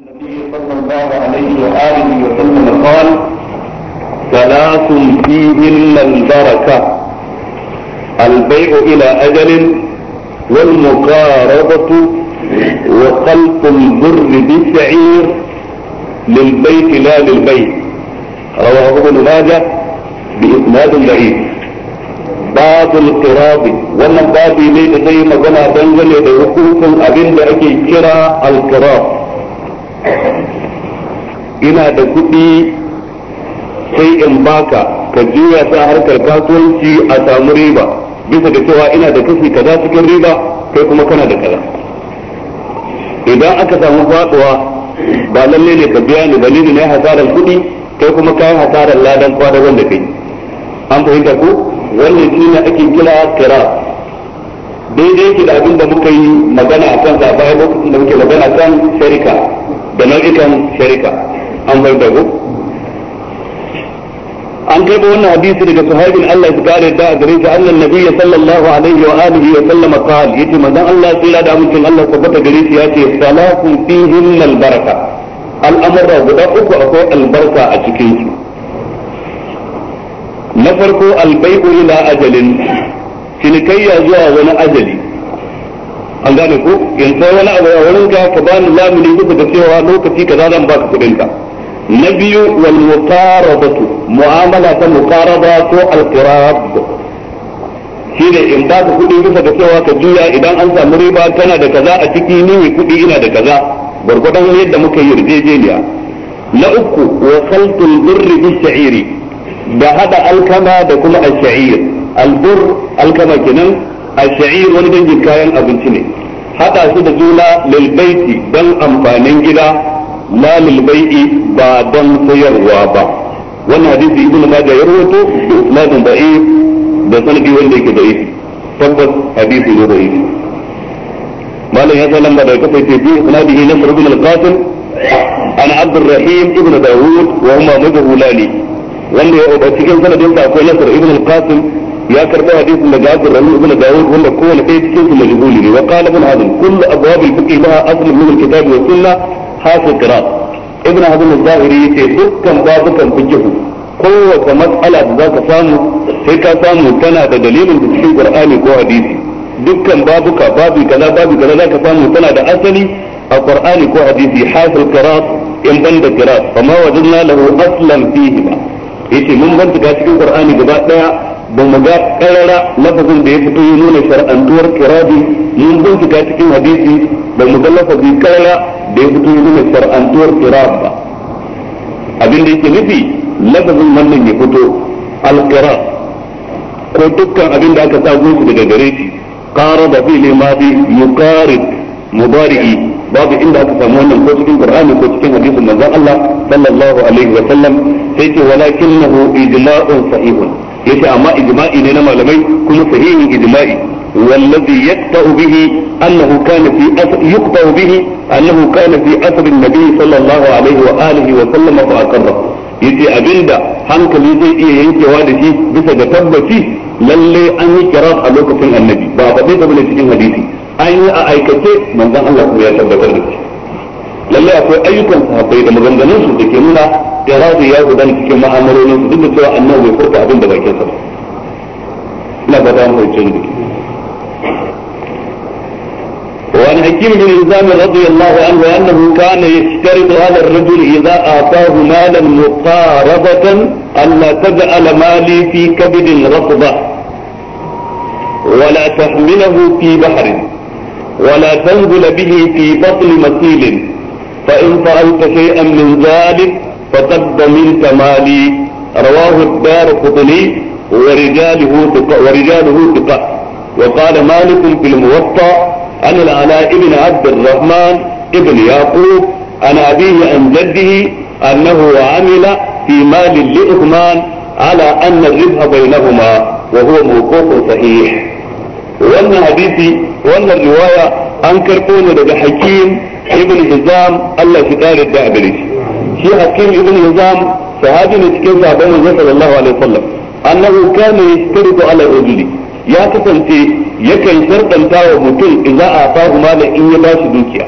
النبي صلى الله عليه وآله وسلم قال ثلاث فيهن البركة البيع إلى أجل والمقاربة وخلق البر بالشعير للبيت لا للبيت رواه ابن ماجه بإسناد ضعيف باب القراب wannan babi ne da zai magana dangane da hukuncin abin da ake ina da kuɗi sai in baka ka juya sa harkar kasuwanci a samu riba bisa da cewa ina da kashi kaza cikin riba kai kuma kana da kaza idan aka samu faɗuwa ba lalle ne ka biya ni dalili ne hasaran kuɗi kai kuma kayan hasaran ladan kwada da kai an fahimta ko wannan shi ne ake kira kira daidai ke da abin da muka yi magana a kansa bayan lokacin da muke magana kan sharika da nau'ikan sharika an bai dago an karɓi wannan hadisi daga sahabin Allah ya kare da gare shi annan nabiyyi sallallahu alaihi wa alihi wa sallam qal yace manzon Allah tsira da amincin Allah tabbata gare shi yace salatu fihin albaraka al'amura guda uku akwai albarka a cikin su na farko albai'u ila ajalin cinikayya zuwa wani ajali an gane ko in sai wani abu a wurin ka ka bani lamuni duka da cewa lokaci kaza zan baka kudin ka na biyu wal mutarabatu mu'amala ta mutaraba ko al shi ne in baka kuɗi duka da cewa ka juya idan an samu riba tana da kaza a ciki ni mai kudi ina da kaza gwargwadon yadda muka yi yarjejeniya na uku wa saltul birri bis sha'iri da hada alkama da kuma al-sha'ir al-bur alkama kenan ash wani dangin kayan abinci ne hada su da juna lil baiti dan amfanin gida na lil ba dan sayarwa ba wannan hadisi ibnu majah ya rawaito da isnadin da'if da sanadi wanda yake da'if tabbas hadisi ne da'if malam ya sallama da kafa ce bi isnadihi nasr ibn al-qasim an abd rahim ibn dawud wa huma majhulani wanda ya cikin sanadin da akwai nasr ibn al-qasim ya karbi hadisin daga Abu Rami ibn Dawud wanda kowanne ɗaya cikin su majhuli ne wa qala ibn Hazm kullu abwab al-fiqh laha aslun min al-kitab wa sunnah hasu qira ibn Hazm az-Zahiri yace dukkan babukan fiqh kowace mas'ala da zaka samu sai ka samu tana da dalilin da cikin Qur'ani ko hadisi dukkan babuka babu kaza babu kaza zaka samu tana da asali a Qur'ani ko hadisi hasu qira in banda qira fa ma wajadna lahu aslan fihi ba yace mun bincika cikin Qur'ani gaba daya ba mu ga karara lafazin da ya fito yi nuna shar'antuwar kirabi mun bincika cikin hadisi ba mu ga lafazi karara da ya fito yi nuna shar'antuwar kirab ba abin da yake nufi lafazin wannan ya fito alkira ko dukkan abin da aka sa shi daga gare shi da fi'li ma fi yuqarib mubari'i babu inda aka samu wannan ko cikin qur'ani ko cikin hadisin manzon Allah sallallahu alaihi wa sallam sai ce walakinahu ijma'un sahihun yace amma ijma'i ne na malamai kuma sahihin ijma'i والذي يقطع به أنه كان في أثر يقطع به أنه كان في أثر النبي صلى الله عليه وسلم hankali zai iya yankewa da shi bisa ga tabbaci lalle an yi kira a lokacin annabi ba a faɗe ta bane cikin hadisi an yi a aikace manzon Allah ya tabbatar da shi lalle akwai ayyukan sahabbai da maganganun su da ke nuna iradu ya gudana cikin ma'amalolin su duk da cewa annabi bai furta abin da bakin sa ba ina ba da mu ce ni وعن حكيم بن هزام رضي الله عنه أنه كان يشترط على الرجل إذا أعطاه مالا مقاربة ان لا تجعل مالي في كبد رطبة ولا تحمله في بحر ولا تنزل به في بطن مثيل فإن فعلت شيئا من ذلك فقد منك مالي رواه الدار قطني ورجاله ثقة ورجاله ثقة وقال مالك في الموطأ عن العلاء بن عبد الرحمن ابن يعقوب عن أبيه عن جده أنه عمل في مال لعثمان على أن الربح بينهما وهو موقوف صحيح وأن حديثي وأن الرواية أنكر كونه لدى حكيم ibn hizam Allah shi kare da a gare shi shi hakim ibn hizam sahabi ne cikin sahabban manzon sallallahu alaihi wasallam annahu kana yastaridu ala ujli ya kasance yakan sarkanta wa mutum a idza afahu da in ya ba bashi dukiya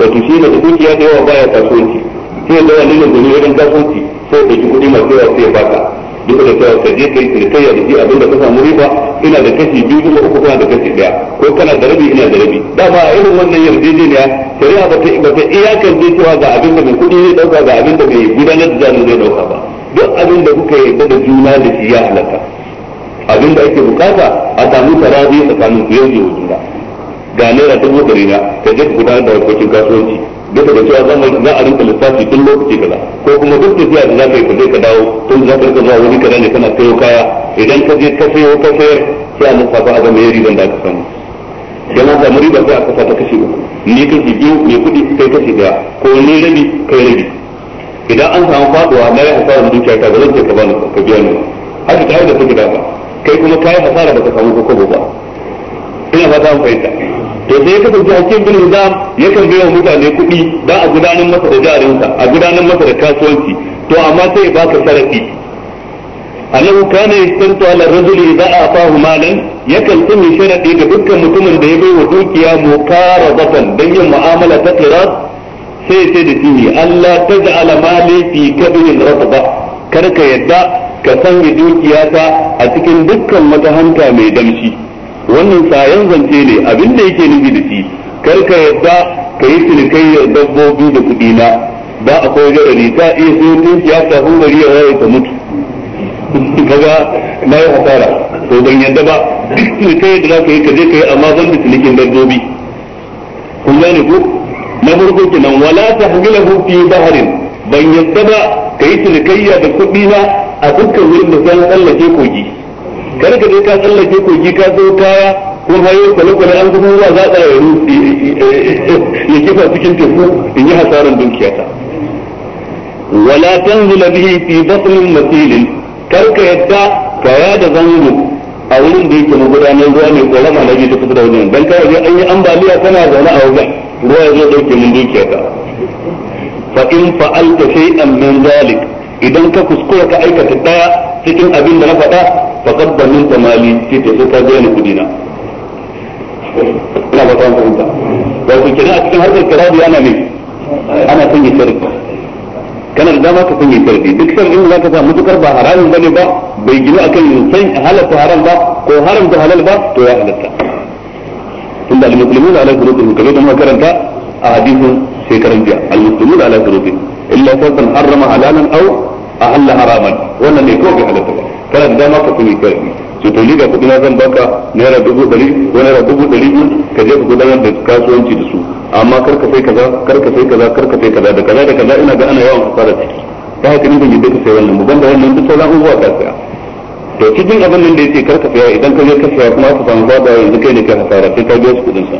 wato shi da dukiya da yawa baya kasuwanci sai da wani ne gari irin kasuwanci sai da kuɗi masu yawa sai ya baka duk da cewa ka je ka yi cinikayya da shi abin da ka samu riba ina da kashi biyu kuma uku kana da kashi daya ko kana da rabi ina da rabi dama irin wannan yarjejeniya shari'a ba ta ba ta iyakar je cewa ga abin da mai kuɗi zai dauka ga abin da mai gudanar da zanen zai dauka ba duk abin da kuka yarda da juna da shi ya halatta abinda da ake bukata a samu tarazi tsakanin ku yanzu juna ga naira dubu ɗari na ka je gudanar da harkokin kasuwanci bisa da cewa zan za a rinka lissafi tun lokaci kaza ko kuma duk tafiya da zaka yi ka je ka dawo tun za ka rinka zuwa wuri kaza ne kana sayo kaya idan ka je ka sayo ka sayar sai a lissafa a zama riban da aka samu yana samu riba sai a kasa ta kashe uku ni kashe biyu mai kuɗi kai kashe daya ko ni rabi kai rabi idan an samu faduwa na yi hasarar dukiya ta zan ce ka bani ka biya ni haka ta da ta da ba kai kuma kai hasara baka samu ko ba ina fata an fahimta to sai ya kasance hakim bin hizam yakan biya mutane kuɗi dan a gudanar masa da jarinsa a gudanar masa da kasuwanci to amma sai ya baka sharafi annahu kana yastanta ala rajuli idza ataahu malan yakan tsumi sharadi ga dukkan mutumin da ya bai wa dukiya mukarabatan dan yin mu'amala ta qirat sai sai da shi Allah taj'ala mali fi kabrin ratba karka yadda ka sanya dukiyata a cikin dukkan wata hanta mai damshi wannan sayan zance ne abin da yake nufi da shi kar ka yarda ka yi cinikayyar dabbobi da kuɗi na ba akwai garari ta iya sai ya ta hungari a waye ta mutu kaga na yi hasara to ban yadda ba duk cinikayyar da za ka yi ka je ka yi amma ban da cinikin dabbobi kun gane ko na farko kenan wala ta hagilahu fi baharin ban yadda ba ka yi cinikayya da kuɗi na a dukkan wurin da zan tsallake kogi kar ka je ka tsallake kogi ka zo kaya ko hayo kwale-kwale an zama ruwa za a yaro ya kifa cikin teku in yi hasaran dukiyata wala tanzila bihi fi batnin masilin kar yadda kaya da zango a wurin da yake magudanar ruwa ne ko rama lagi ta wajen dan kawai dai an yi ambaliya tana zaune a wajen ruwa ya zo dauke mun dukiyarka fa in fa'alta shay'an min zalik idan ka kuskura ka aikata daya cikin abin da na faɗa faqad banunta mali sai ta so ka biya ni kudi na ina ba ta fahimta wato kenan a cikin harkar kirari ana ne ana sanya sharri kana dama ka sanya sharri duk sharri da mutukar ba haramun bane ba bai gina akan san halatta haram ba ko haram da halal ba to ya tun da almuslimuna ala karanta a shekaran jiya ala illa fatan harrama halalan aw a Allah haraman wannan ne kawai bai halatta ba kana da dama ka kuni karfi ce to liga kuɗi na zan baka naira dubu dari ko naira dubu dari ka je ka gudanar da kasuwanci da su amma kar ka sai kaza kar ka sai kaza kar ka sai kaza da kaza da kaza ina ga ana yawan fara ciki ta haka ni ban yi duka sai wannan ban da wannan duk sauran abubuwa ka saya to cikin abin nan da yake kar ka saya idan ka je ka saya kuma ka samu zaba yanzu kai ne ka hasara sai ka biya su kuɗin sa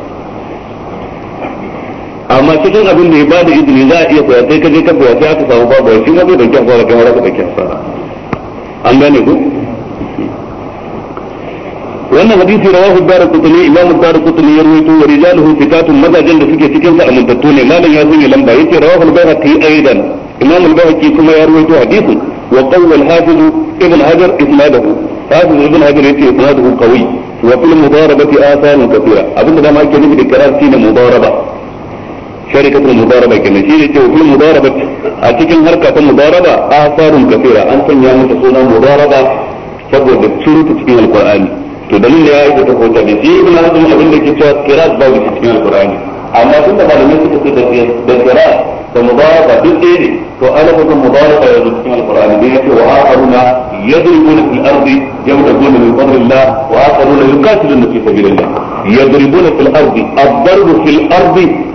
amma cikin abin da ya bada izini za a iya koya sai ka je ka koya sai aka samu babu shi ma zai dauki hasara kamar aka dauki hasara an gane ku wannan hadisi rawahu ad-darqutni imam ad-darqutni ya ruwaito wa rijaluhu thiqatun mazajin da suke cikin sa amintattu ne malam ya zuni lamba yace rawahu al-bayhaqi aidan imamu al kuma ya ruwaito hadisi wa qawl al-hafiz ibn hajar isnaduhu hafiz ibn hajar yace isnaduhu qawi wa fil mudarabati athan kathira abinda da ma ake nufi da karar shine mudaraba شركة المضاربة كما شيء وفي مضاربه أتكلم هركة المضاربة آثار كثيرة أنت يعني متصورة مضاربة فقد تشوف تسمية القرآن تدلل يا إذا تقول تبسي ابن هذا المحبين لك يتشوى كراس باب تسمية القرآن أما كنت قال لم يكن تقول بالكراس فمضاربة بالإيد فألفة المضاربة يا تسمية القرآن بيك وآخرون يضربون في الأرض يضربون من فضل الله وآخرون يقاتلون في سبيل الله يضربون في الأرض الضرب في الأرض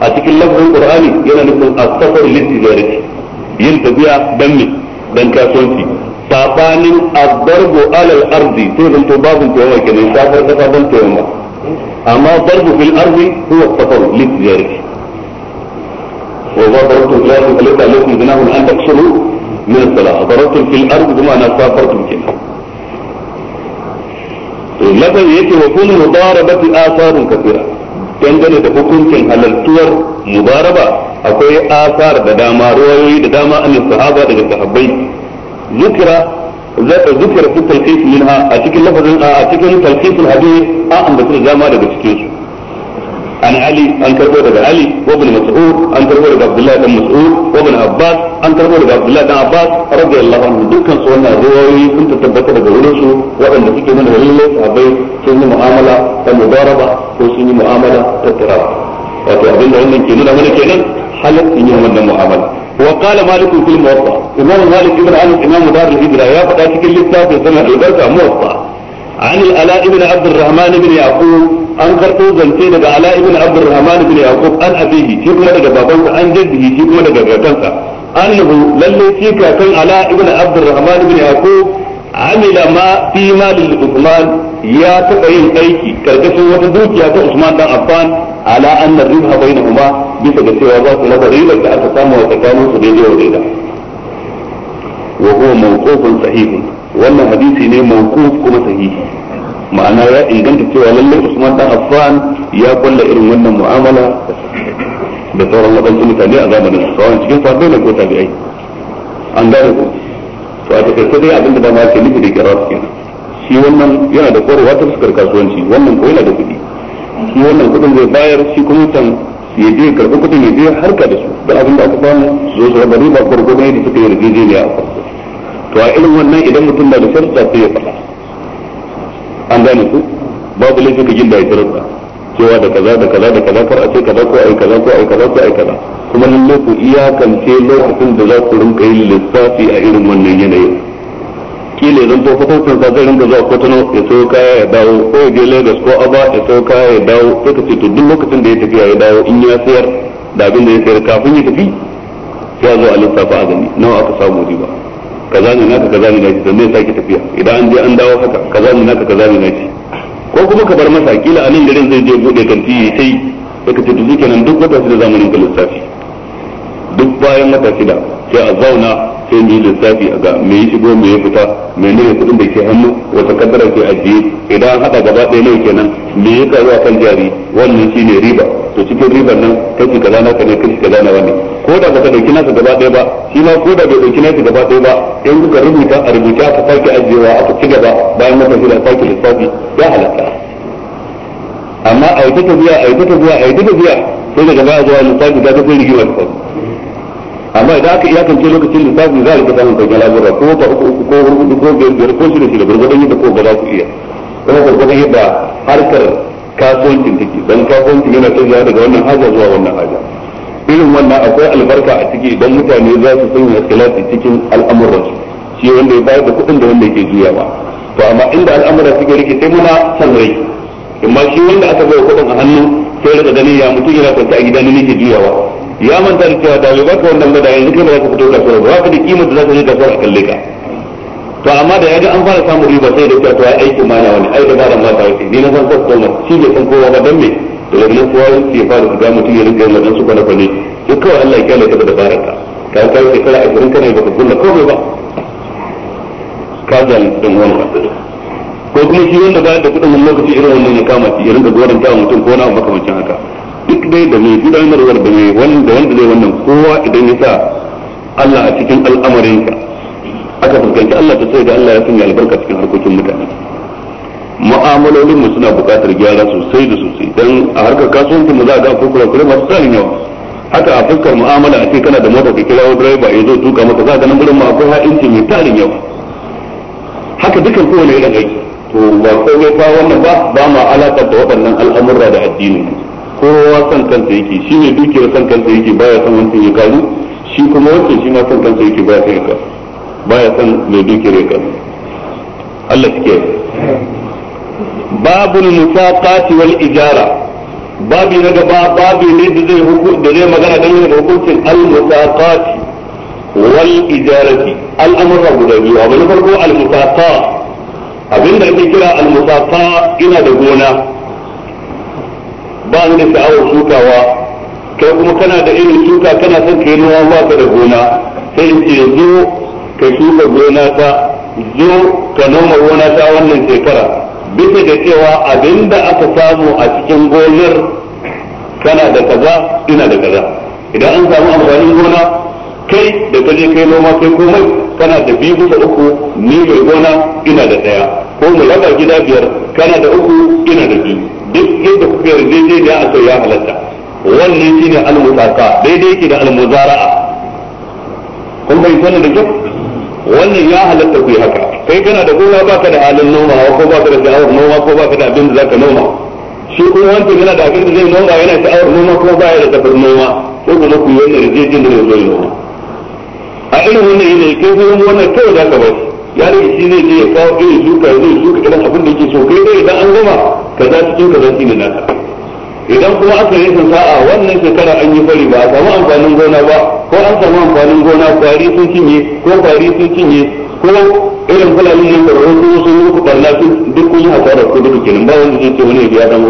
a cikin lafazin qur'ani yana nufin as-safar litijarati yin tafiya dan ne dan kasuwanci sabanin ad-darbu alal ardi to zan to babu tawawa kenan safar ka sabon tawawa amma darbu fil ardi huwa as-safar litijarati وإذا ضربتم في الأرض فليس عليكم جناح أن تقصروا من الصلاة ضربتم في الأرض بمعنى to كده yake wa وكل مضاربة asarun كثيرة dangane da hukuncin halartuwar mubaraba akwai asar da dama ruwayoyi da dama an sahaba daga sahabbai zikra zaka zikra fi talqis minha a cikin lafazin a cikin talqis hadith a ambata da dama daga cikin su عن علي أن تقول لك علي وابن مسعود أن تقول لك عبد الله بن مسعود وابن عباس أن تقول لك عبد الله بن عباس رضي الله عنه دو كان سوانا دواري كنت تبكت لك وان في نفكي من غليلة أبي معاملة المباربة وسيني معاملة التراب وفي أبين دعون من كينونا من كينون حلق المعاملة وقال مالك في الموطا إمام مالك ابن علي إمام دار الهجرة يا فتاة كل الكتاب يسمى عن الألاء بن عبد الرحمن بن يعقوب an karɓo zance daga ala ibn abdurrahman ibn yaqub an abihi shi kuma daga babansa an jaddihi shi kuma daga kakansa annahu lalle shi kakan ala ibn abdurrahman ibn yaqub amila ma fi malil usman ya taɓa yin aiki karkashin wata dukiya ta usman dan affan ala anna ribha bainahuma bisa ga cewa za su raba ribar da aka samu a tsakanin su daidai wa daida wa huwa mawqufun sahihun wannan hadisi ne mawquf kuma sahihi ma'ana ya inganta cewa lalle Usman dan Affan ya kulla irin wannan mu'amala da sauran wadansu mutane a zamanin su sauran cikin sa ne ko tabi'ai an gane ko to a takaice dai abin da dama ke nufi da kirar kenan shi wannan yana da korowa ta fuskar kasuwanci wannan ko yana da kuɗi shi wannan kuɗin zai bayar shi kuma can ya je karɓi kuɗin ya je harka da su da abin da aka samu zo su raba riba gwargwadon da suka yi ne a farko to a irin wannan idan mutum na da sharta sai ya faɗa an gane ku babu laifin ka jin da ya tarasa cewa da kaza da kaza da kaza kar a ce kaza ko ai kaza ko ai kaza ko ai kaza kuma lalle ku iyakance lokacin da za ku rinka yin lissafi a irin wannan yanayin kila zan to fatansa sa zai rinka zuwa Kotono ya sayo kaya ya dawo ko ya je Lagos ko Aba ya sayo kaya ya dawo sai ka ce to duk lokacin da ya tafiya ya dawo in ya sayar da abin da ya sayar kafin ya tafi ya zo a lissafa a gani nawa aka samu riba kaza ne naka kaza ne naki sannan sake tafiya idan an je an dawo haka kaza ne naka kaza ne naki ko kuma ka bar masa kila a nan garin zai je bude kanti ya sai ka ce duk kenan duk wata da zamanin ka lissafi duk bayan wata shida sai a zauna sai mu yi lissafi a ga me ya shigo me ya fita me ne kuɗin da ke hannu wata kaddara ke ajiye idan hada gaba ɗaya nawa kenan me ya karu kan jari wannan shine riba to cikin riba nan kashi kaza na ne kashi kaza na wani ko da baka dauki nasa gaba ɗaya ba shi ma ko da bai dauki nasa gaba ɗaya ba in kuka rubuta a rubuta aka sake ajiyewa aka ci gaba bayan masa shi da sake lissafi ya halatta amma a yi ta tafiya a yi ta tafiya a yi ta tafiya sai daga baya zuwa lissafi ta ta sai rigima ta faru amma idan aka kance lokacin lissafi za a rika samun sauƙin lamurra ko ta uku uku ko hudu ko biyar biyar ko shida shida gwargwadon yadda ko ba za ku iya kuma gwargwadon yadda harkar kasuwancin take don kasuwancin yana canjawa daga wannan haja zuwa wannan haja irin wannan akwai albarka a ciki idan mutane za su sanya khilafi cikin su shi wanda ya bayar da kuɗin da wanda yake juyawa to amma inda al'amuran suke rike sai muna san rai amma shi wanda aka bai kuɗin a hannu sai rika ganin ya mutum yana kwanta a gida ne nake juyawa ya manta da cewa da ba ka wannan ba da yanzu ka fito da su ba ka da kima da za ka je kasuwar a kalle ka to amma da yaji an fara samu riba sai da cewa to ai aikin ma na wani ai da garan ma ta wuce ni na san ko customer shi ne san ko ba dan me to da nan kowa yake fara da ga mutum ya rinka yin su kana fane to kawai Allah ya kyale ka da baraka ka ka yi kai shekara 20 kana ka kula ko ba ka din wannan wani ko kuma shi wanda ba da kudin lokaci irin wannan ya kama shi ya rinka gwaran ta mutum ko na makamancin haka duk dai da mai gudanarwar da mai wanda wanda zai wannan kowa idan ya sa Allah a cikin al'amarinka aka fuskanci Allah ta sai da Allah ya sanya albarka cikin harkokin mutane Mu'amalolinmu mu suna buƙatar gyara sosai da sosai don a harkar kasuwancin mu za a ga kurkura kure masu tsarin yawa haka a fuskar mu'amala a ce kana da mota ka kirawo driver ya zo tuka maka za ka nan gurin ma akwai ha'inci mai tarin yawa haka dukan kowane irin aiki to ba komai ba wannan ba ba ma alaƙar da waɗannan al'amurra da addini kowa san kansa yake shi ne dukiyar san kansa yake baya san wancan ya karu shi kuma wancan shi ma san kansa yake baya san ya baya san mai dukiyar ya karu Allah take babul musaqati wal ijara babi na gaba babi ne da zai hukunci da zai magana dangane da hukuncin al musaqati wal ijarati al amra guda biyu abu na farko al musaqa abinda ake kira al musaqa ina da gona ba ni da sha'awar shukawa kai kuma kana da irin shuka kana son ka yi noma ba ka da gona sai in ce zo ka shuka gona ta zo ka noma gona ta wannan shekara bisa da cewa abinda aka samu a cikin gonar kana da kaza ina da kaza idan an samu amfanin gona kai da kaje kai noma kai komai kana da biyu bisa uku ni mai gona ina da daya ko mu raba gida biyar kana da uku ina da biyu duk inda kuka yarjejeniya a kai ya halatta wannan shi ne almutaka daidai yake da al a kun bai sanin da kyau wannan ya halatta ku yi haka kai kana da kowa baka da halin nomawa ko baka da sha'awar noma ko baka da abin da zaka noma shi ko wancan yana da abin da zai noma yana sha'awar noma ko baya da tafar noma ko kuma ku yi wannan yarjejeniya da zai noma a irin wannan yanayi kai kuma wannan kawai zaka bar ya shi zai je ya kawo zai zai shuka irin abin da yake so kai dai idan an gama za cikin kaza shine naka idan kuma aka yi sun sa'a wannan shekara an yi fari ba a samu amfanin gona ba ko an samu amfanin gona kwari sun cinye ko kwari sun cinye ko irin fulani ne da rahoto sun yi ku barna sun duk kun yi hasara ko duk kenan ba wanda zai ce wani ya biya dan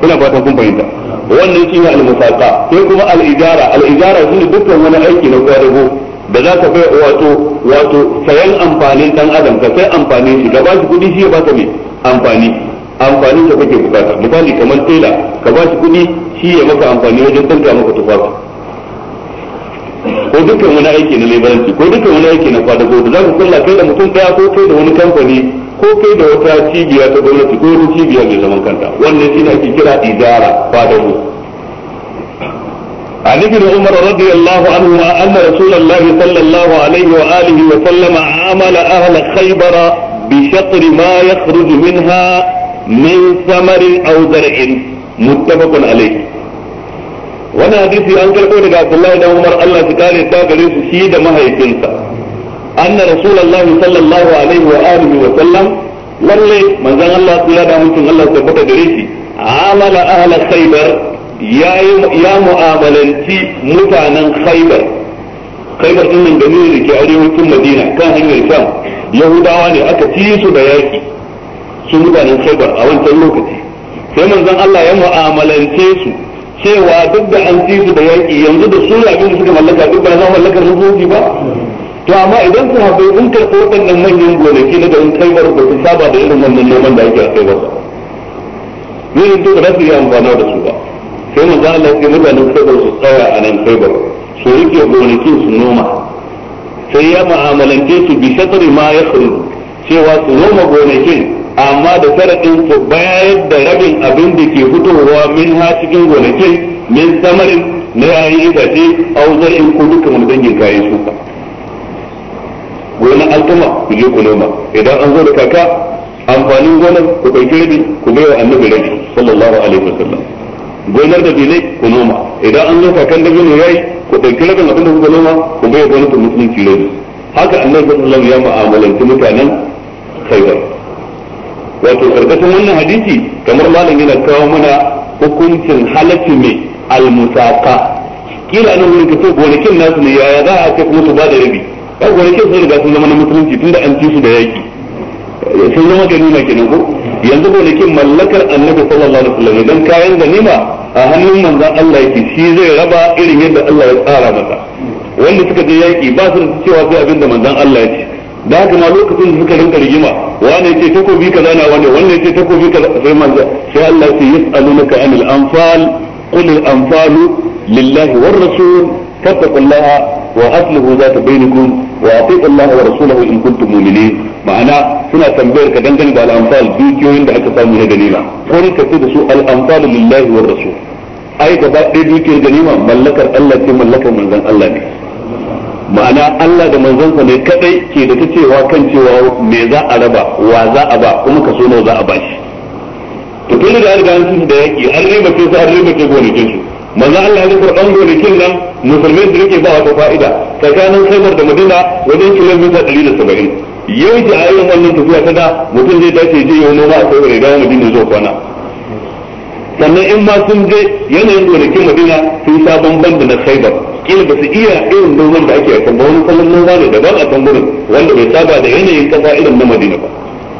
kuna fatan kun fahimta wannan ne al-musaqa sai kuma al-ijara al-ijara ne dukkan wani aiki na kwadago da za ka kai wato wato sayan amfanin dan adam ka sai amfanin shi ka ba shi kuɗi shi ya ba ka mai amfani amfani ka kake bukata misali kamar tela ka ba shi kuɗi shi ya maka amfani wajen tanka maka tufafi ko dukkan wani aiki na lebaranci ko dukkan wani aiki na kwada da za ka kulla kai da mutum daya ko kai da wani kamfani ko kai da wata cibiya ta gwamnati ko wani cibiya mai zaman kanta wannan shi ne ake kira idara kwadago عن ابن عمر رضي الله عنهما أن رسول الله صلى الله عليه وآله وسلم عامل أهل خيبر بشطر ما يخرج منها من ثمر أو زرع متفق عليه wani hadisi an karɓo daga Abdullahi da Umar Allah su kare ta gare su shi da mahaifinsa anna rasulullah sallallahu alaihi wa alihi wa sallam lalle manzon Allah su ya da mutun Allah tabbata gare shi amala ahla khaybar ya mu'amalanci mutanen khaibar khaibar din nan da ne da ke arewacin madina kan hanyar sham yahudawa ne aka ci su da yaki su mutanen khaibar a wancan lokaci sai manzon Allah ya mu'amalance su cewa duk da an ci su da yaki yanzu da su abin da suka mallaka duk ba za mallakar su ba to amma idan su haɓe in karɓi waɗannan manyan gonaki na garin kaibar ba su saba da irin wannan noman da ake a kaibar ba yin to da za su yi amfana da su ba sai mu zana sai mutanen sabar su tsaya a nan sabar su rike gonakin su noma sai ya mu'amalance su bi shatari ma ya kuru cewa su noma gonakin amma da sarakin su bayar da rabin abin da ke fitowa min ha cikin gonakin min samarin na yayin itace in ku duka wani dangin kayan shuka gonan alkama ku je ku noma idan an zo da kaka amfanin gonar ku ɗauki rabi ku bai wa annabi rabi sallallahu alaihi wasallam gonar da bine ku noma idan an zo kan da gini yayi ku ɗauki rabin abin da kuka noma ku bai gwamnatin musulunci rabi haka annabi sallallahu alaihi wasallam ya mu'amalanci mutanen Khaibar wato karkashin wannan hadisi kamar malam yana kawo mana hukuncin halacci mai almusaka kila nan wurin kace gonakin nasu ne yaya za a ce kuma su ba da rabi ba gonakin sun riga sun zama na musulunci tunda an ci su da yaki sun zama na kenan ko yanzu gonakin mallakar annabi sallallahu alaihi wasallam idan kayan ganima a hannun manzon Allah yake shi zai raba irin yadda Allah ya tsara masa wanda suka je yaki ba su cewa sai abin da manzon Allah ya ce da haka ma lokacin da suka rinka rigima wanda yace takobi kaza na wanda wanda yace takobi kaza sai manzon sai Allah ya ce yas'alunaka anil anfal qul al anfalu lillahi war rasul fattaqullaha wa aslihu zata bainakum wa atiqu Allah wa rasulahu in kuntum mu'minin ma'ana suna tambayar ka dangane da al'amfal dukiyoyin da aka samu na ganima ko ne ka ce da su al'amfal lillahi war rasul ai gaba ɗaya dukiyar ganima mallakar Allah ce mallakar manzon Allah ne ma'ana Allah da manzansa ne kadai ke da ta cewa kan cewa me za a raba wa za a ba kuma kaso nawa za a ba shi to tun da an riga an da yaki an riba ke su an riba ce gonakin su manzo Allah ya karban kin nan musulmai da yake ba wata fa'ida tsakanin Khaibar da Madina wajen kilomita 170 yau da a irin wannan tafiya ta da mutum zai dace je yau noma a saboda dawo madina zuwa kwana sannan in ma sun je yanayin gonakin madina sun sha bamban da na khaibar kila ba su iya irin noman da ake a kan wani salon noma ne daban a kan wanda bai saba da yanayin kasa irin na madina ba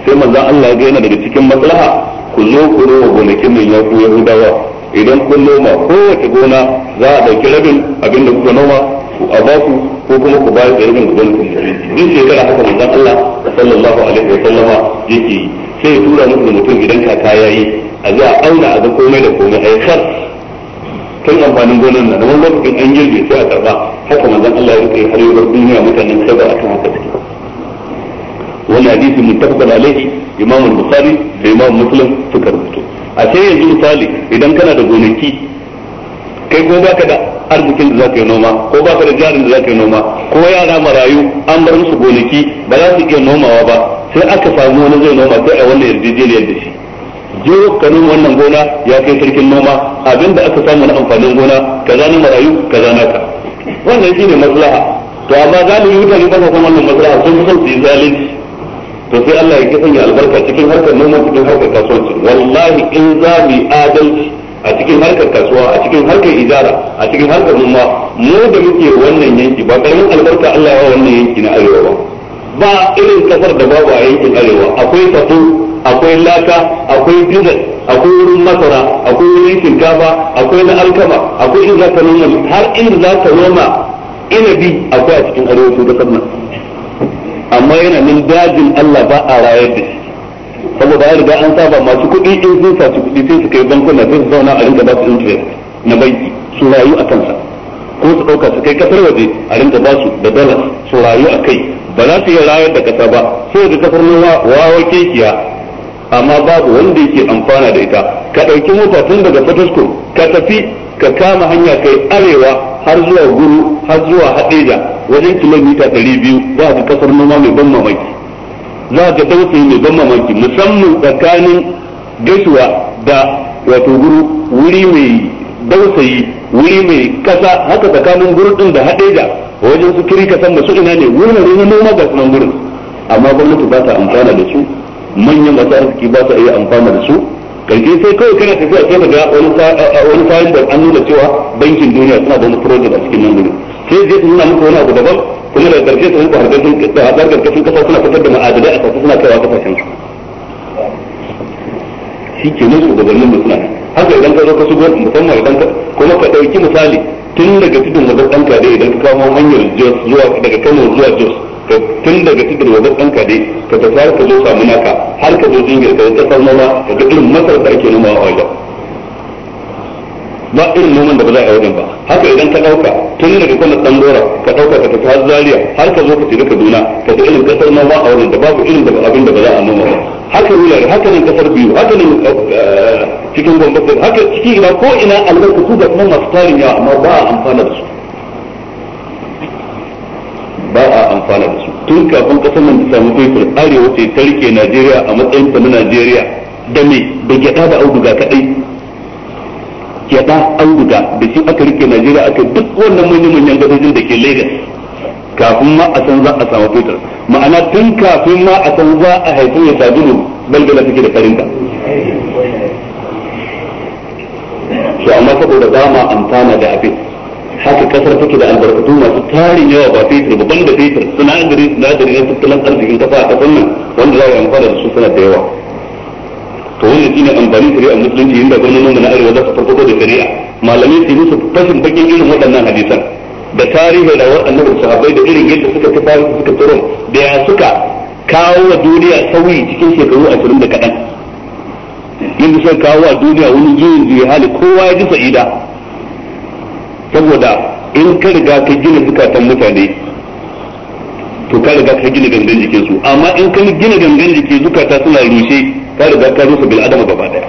sai manzo Allah ya ga yana daga cikin maslaha ku zo ku rowa gonakin nan yaku yahudawa idan kun noma kowace gona za a dauki rabin abinda kuka noma ku a ba ku ko kuma ku bayar da irin kuma musulunci duk shekara haka manzan Allah sallallahu alaihi wa sallama yake yi sai ya tura musu da mutum idan kaka yayi a zuwa auna a ga komai da komai ai khar kan amfanin gonar nan wani lokacin an girbe sai a karba haka manzon Allah ya kai har yau duniya mutanen a kan haka take wani hadisi muttafaqun alaihi imam al-bukhari da imam muslim suka rubuto a sai yanzu misali idan kana da gonaki kai ko baka da arzikin da zaka yi noma ko baka da jarin da zaka yi noma ko yara marayu an bar musu gonaki ba za su iya nomawa ba sai aka samu wani zai noma sai a wannan yarjejeniyar da shi je ka noma wannan gona ya kai sarkin noma abinda aka samu na amfanin gona kaza na marayu ka kaza naka wannan shine maslaha to amma galibi mutane ba sa san wannan maslaha sun fi son su yi zalunci to sai Allah ya sanya albarka cikin harkar noma cikin harkar kasuwanci wallahi in za mu yi adalci a cikin harkar kasuwa a cikin harkar ijara a cikin harkar noma mu da muke wannan yanki ba karamin albarka Allah ya wannan yanki na arewa ba ba irin kasar da babu a yankin arewa akwai fato akwai laka akwai dizal akwai wurin masara akwai wurin shinkafa akwai na alkama akwai in za ka noma har inda za ka noma inabi akwai a cikin arewacin kasar nan amma yana nan dajin Allah ba a rayar da shi saboda ya riga an saba masu kuɗi in sun saci kuɗi sai su kai bankuna sai su zauna a rinka ba su interest na banki su rayu a kansa ko su ɗauka su kai kasar waje a rinka ba su da dala su rayu a kai ba za su iya rayar da kasa ba sai da kasar noma wawa kekiya amma babu wanda yake amfana da ita ka ɗauki mota tun daga fatasko ka tafi ka kama hanya kai arewa har zuwa guru har zuwa haɗeja wajen kilomita ɗari biyu za ka kasar noma mai ban mamaki za ka tausayi mai ban mamaki musamman tsakanin gaisuwa da wato guru wuri mai dausayi wuri mai kasa haka tsakanin gurdin da haɗe da wajen su kiri kasa da su ina ne wurin na noma ga sunan gurin amma gwamnati ba ta amfana da su manyan masu arziki ba ta iya amfana da su karshe sai kawai kana tafiya sai daga wani kayan da an nuna cewa bankin duniya suna da wani project a cikin nan gurin sai zai nuna muku wani abu daban kuma daga karshe ku harbe sun da hadar karkashin kasa suna fitar da ma'adanai a kasa suna kaiwa kasashen su shi ke nan gabanin da suna haka idan ka zo ka shigo musamman idan ka kuma ka dauki misali tun daga tudun wajen dan kade idan ka kawo hanyar Jos zuwa daga Kano zuwa Jos ka tun daga tudun wajen dan kade ka tafi har ka zo samu naka har ka zo jingir ka ta samu ma ka ga irin masar da ake noma a wajen ba irin noman da ba za a wajen ba haka idan ka dauka tun daga kwanan dan dora ka dauka ka tafi har zaria har ka zo ka tafi kaduna ka ta irin kasar noma a wajen da babu irin da abin da ba za a noma ba haka wurare haka nan kasar biyu haka nan eh, eh, cikin gwamnati haka ciki ina ko ina ku ga kuma masu tarin yawa amma ba a amfana da su ba a amfana da su tun kafin kasar nan ta samu kwaikwayo arewa ce ta rike najeriya a matsayin ta na najeriya da me da gyada da auduga kadai gyada auduga da shi aka rike najeriya aka duk wannan manyan gadojin da ke lagos kafin ma a san za a samu fetur ma'ana tun kafin ma a san za a haifi ya sabulu balbala take da karinta su amma saboda ba ma amfana da abin haka kasar take da albarkatu masu tarin yawa ba fetur ba banda suna sinadari sinadari na tattalin arzikin kafa a kasan nan wanda za a yi amfana da su suna da yawa to wannan shine amfani shari'a musulunci inda gwamnatin na arewa za su farko da shari'a malamai su musu fashin bakin irin waɗannan hadisan da tarihin rayuwar su sahabbai da irin yadda suka tafi suka turo da ya suka kawo wa duniya sauyi cikin shekaru ashirin da kaɗan yadda suka kawo wa duniya wani juyin juyi hali kowa ya ji sa'ida saboda in ka riga ka gina zukatan mutane to ka riga ka gina gangan jikinsu amma in ka gina gangan jiki zukata suna rushe ka riga ka rusa bil adam gaba daya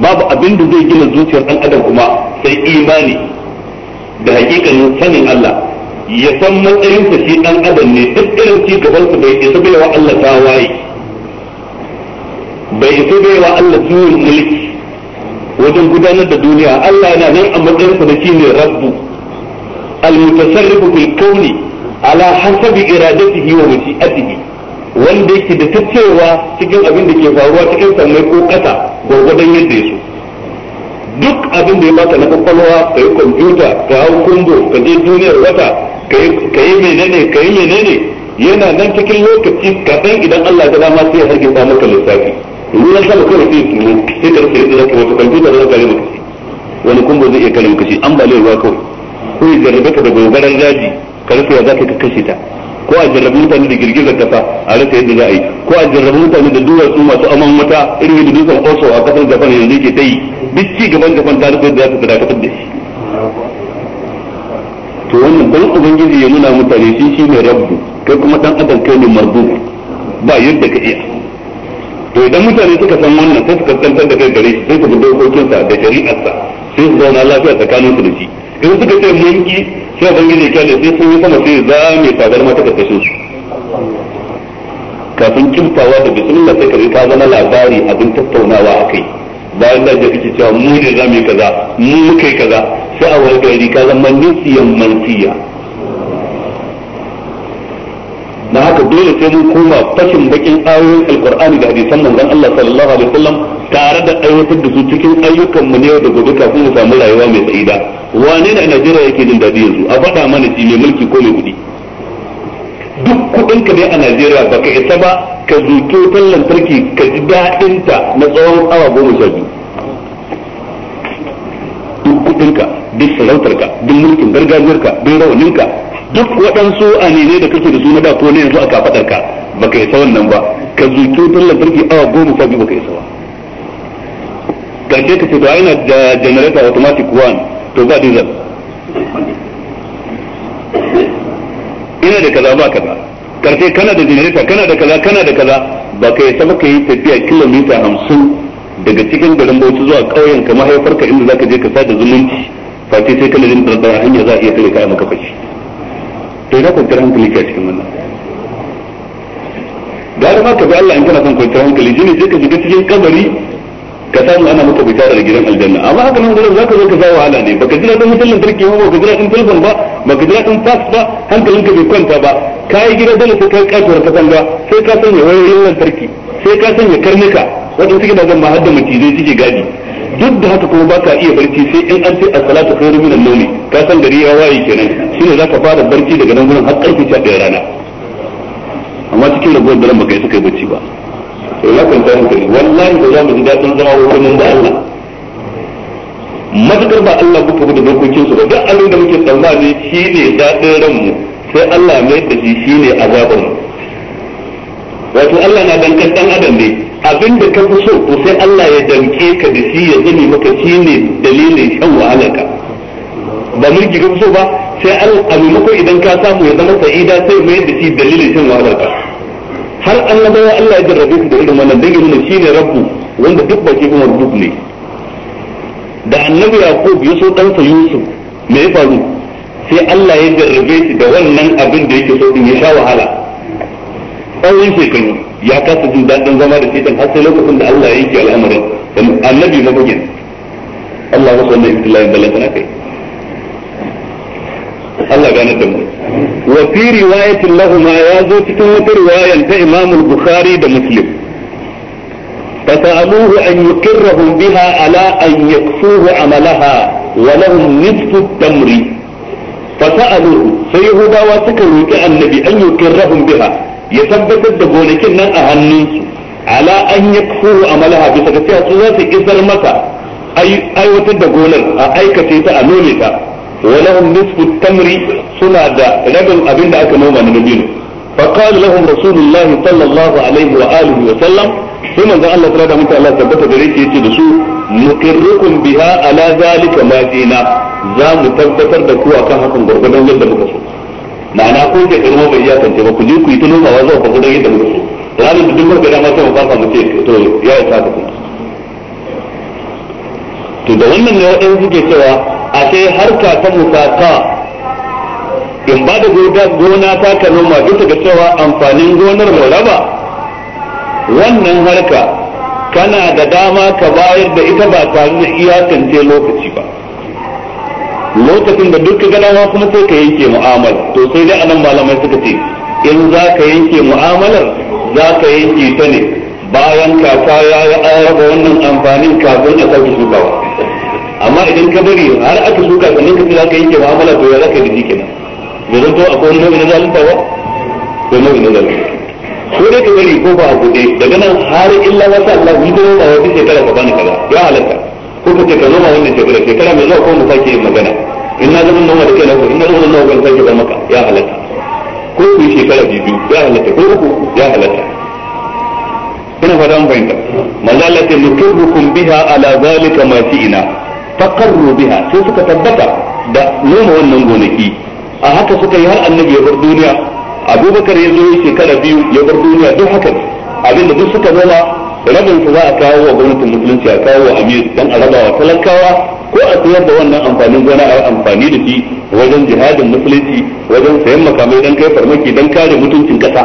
babu abin da zai gina zuciyar dan adam kuma sai imani da hakikanin sanin Allah ya san sa shi dan adam ne duk irin ci gaban sa bai isa bai wa Allah tawaye bai isa bai wa Allah juyin mulki wajen gudanar da duniya Allah yana nan a matsayinsa da shi ne rabbu al-mutasarrifu fil kauni ala hasabi iradatihi wa mashi'atihi wanda yake da ta cewa cikin abin da ke faruwa cikin sammai ko ƙasa gwargwadon yadda ya so duk abin da ya baka na kwakwalwa ka yi kwamfuta ka hau kumbo ka je duniyar wata ka yi menene ka yi menene yana nan cikin lokaci kaɗan idan Allah ta dama sai ya harge ba maka lissafi ruwan sama kawai sai ne sai ka rufe da wata kwamfuta da zaka rubuta wani kumbo zai iya kare maka shi ambaliyar ruwa kawai ko ya jarrabe ka da gobarar daji ka rufe ya zaka ka kashe ta ko a jarrabi mutane da girgizar kasa a rasa yadda za a yi ko a jarrabi mutane da duwatsu masu aman mata irin da dutsen oso a kasar japan yanzu yake ta yi duk ci gaban japan ta rufe da za ta dakatar da shi to wannan dan ubangiji ya nuna mutane shi shi ne rabbu kai kuma dan adam kai ne marbu ba yadda ka iya to idan mutane suka san wannan sai su kaskantar da kai gare shi sai su bi dokokinsa da shari'arsa sai su zauna lafiya tsakaninsu da shi idan suka ce yanki sai ban ya kyale sai sun yi sama sai za mai mata ta kashe su kafin kimtawa da bismillah sai ka zama labari abin tattaunawa a kai bayan da ya kake cewa mu ne za mu yi kaza mu kai kaza sai a wani gari ka zama nisiyan mantiya na haka dole sai mun koma fashin bakin ayoyin alkur'ani da hadisan manzon Allah sallallahu alaihi wasallam tare da aiwatar da su cikin ayyukan mu ne da gobe kafin mu samu rayuwa mai tsada wane ne a Najeriya yake jin dadi yanzu a faɗa mana shi mai mulki ko mai kuɗi duk kudin ka ne a Najeriya baka isa ba ka zuke wutar lantarki ka ji daɗin ta na tsawon awa goma sha biyu duk kudin ka duk sarautar ka duk mulkin gargajiyar ka duk rawanin ka duk waɗansu anine da kake da su na da ko ne yanzu a kafaɗar ka baka isa wannan ba ka zuke wutar lantarki awa goma sha biyu baka isa ba karshe ka ce to ina da generator automatic one to ba diesel ina da kaza ba kaza karshe kana da generator kana da kaza kana da kaza ba kai saba ka yi tafiya kilomita hamsin daga cikin garin bauchi zuwa ƙauyen ka ka inda zaka je ka da zumunci face sai kana jin dardar hanya za a iya tare ka maka fashi to ina kwanciyar hankali ke a cikin wannan da ma ka bi Allah in kana son kwanciyar hankali jini sai ka shiga cikin kabari ka samu ana maka bishara da gidan aljanna amma haka nan gurin zaka zo ka sa wahala ne baka jira dan wutar lantarki ba baka jira dan telefon ba baka jira dan fax ba hankalinka bai kwanta ba kai gida dole sai ka kasuwar katanga sai ka sanya wayoyin lantarki sai ka sanya karnuka wato suke da zan ma hadda macizai cike gadi duk da haka kuma baka iya barci sai in an ce as-salatu khairu minan nawmi ka san gari ya waye kenan shine zaka fara barci daga nan gurin har karfe 11 rana amma cikin rabuwar daren baka yi suka yi bacci ba to ya kwanta hankali wallahi ba za mu ji daɗin zama wurin da Allah matukar ba Allah kuka bi da dokokinsu ba duk abin da muke tsammani shine ne daɗin ranmu sai Allah mai da shi shi ne mu wato Allah na dankan dan adam ne abin da ka fi so to sai Allah ya danke ka da shi ya zame maka shine dalilin shan wahalarka ba mulki ka fi so ba sai Allah a maimakon idan ka samu ya zama sa'ida sai mai da shi dalilin shan wahalarka har annabawa Allah ya jarrabe su da irin wannan dangin nuna ne rabbu wanda duk ba kuma rubub ne da annabi yaqub ya so sa yusuf me ya faru sai Allah ya jarrabe shi da wannan abin da yake so din ya sha wahala tsawon shekaru ya kasa jin daɗin zama da shekaru har sai lokacin da Allah ya yanke al'amarin annabi mafi Allah wasu wannan ibtilayin balantana kai Allah wa fi riwayatin lahuma ya zo cikin wata riwayan ta Imam Bukhari da Muslim fa sa'aluhu an yuqirrahu biha ala an yakfuhu amalaha wa lahum nisfu tamri fa sa'aluhu sai yahudawa suka roki annabi an yuqirrahu biha ya tabbatar da gonakin nan a hannunsu su ala an yakfuhu amalaha bisa ga cewa su za su isar maka aiwatar da gonar a aikace ta a nome ولهم نصف التمر سنة دا رجل أبن أكا نوما نبينه فقال لهم رسول الله صلى الله عليه وآله وسلم ثم ذا الله تعالى من الله ثبت بريك يتي دسو نقركم بها على ذلك ما جينا ذا متبتر دكو أكا حقا غربنا يد مكسو معنى أقول كي قرمو بإياكا تبا كجيكو يتنو موازو فقدر يد مكسو لأنه بدمر بلا ما سوى فارفا متيك يا إساكتنا to da wannan ne waɗansu suke cewa a sai harka ta musaka in ba da gona ta ka noma bisa ga cewa amfanin gonar mu raba wannan harka kana da dama ka bayar da ita ba tare da iyakance lokaci ba lokacin da duk ga dama kuma sai ka yanke mu'amala to sai dai anan malamai suka ce in za ka yanke mu'amalar za ka yanke ta ne bayan kaka ya yi an wannan amfanin kafin a sauke shukawa amma idan ka bari har aka shuka sannan ka ce za ka yanke ma'amala to ya zaka ka kenan da shi kenan bai akwai wani nau'i na zalunta ba ko nau'i na zalunta ko dai ka bari ko ba a buɗe daga nan har illa wasu Allah ni dai ba wani shekara ka bani kaza ya halatta ko ka ce ka zo ma wannan shekara shekara mai zuwa ko mu sake yin magana in na zama nawa da kai na ko in na zama nawa ban sake ba maka ya halatta ko ku shekara biyu ya halatta ko uku ya halatta ina faɗa mun fahimta manzo Allah biha ala zalika ma ina faqarru biha sai suka tabbata da noma wannan gonaki a haka suka yi har annabi ya bar duniya abubakar ya zo shekara biyu ya bar duniya duk haka abinda duk suka noma rabin su za a kawo wa gwamnatin musulunci a kawo wa amir dan a rabawa talakawa ko a sayar da wannan amfanin gona a amfani da shi wajen jihadin musulunci wajen sayan makamai dan kai farmaki dan kare mutuncin kasa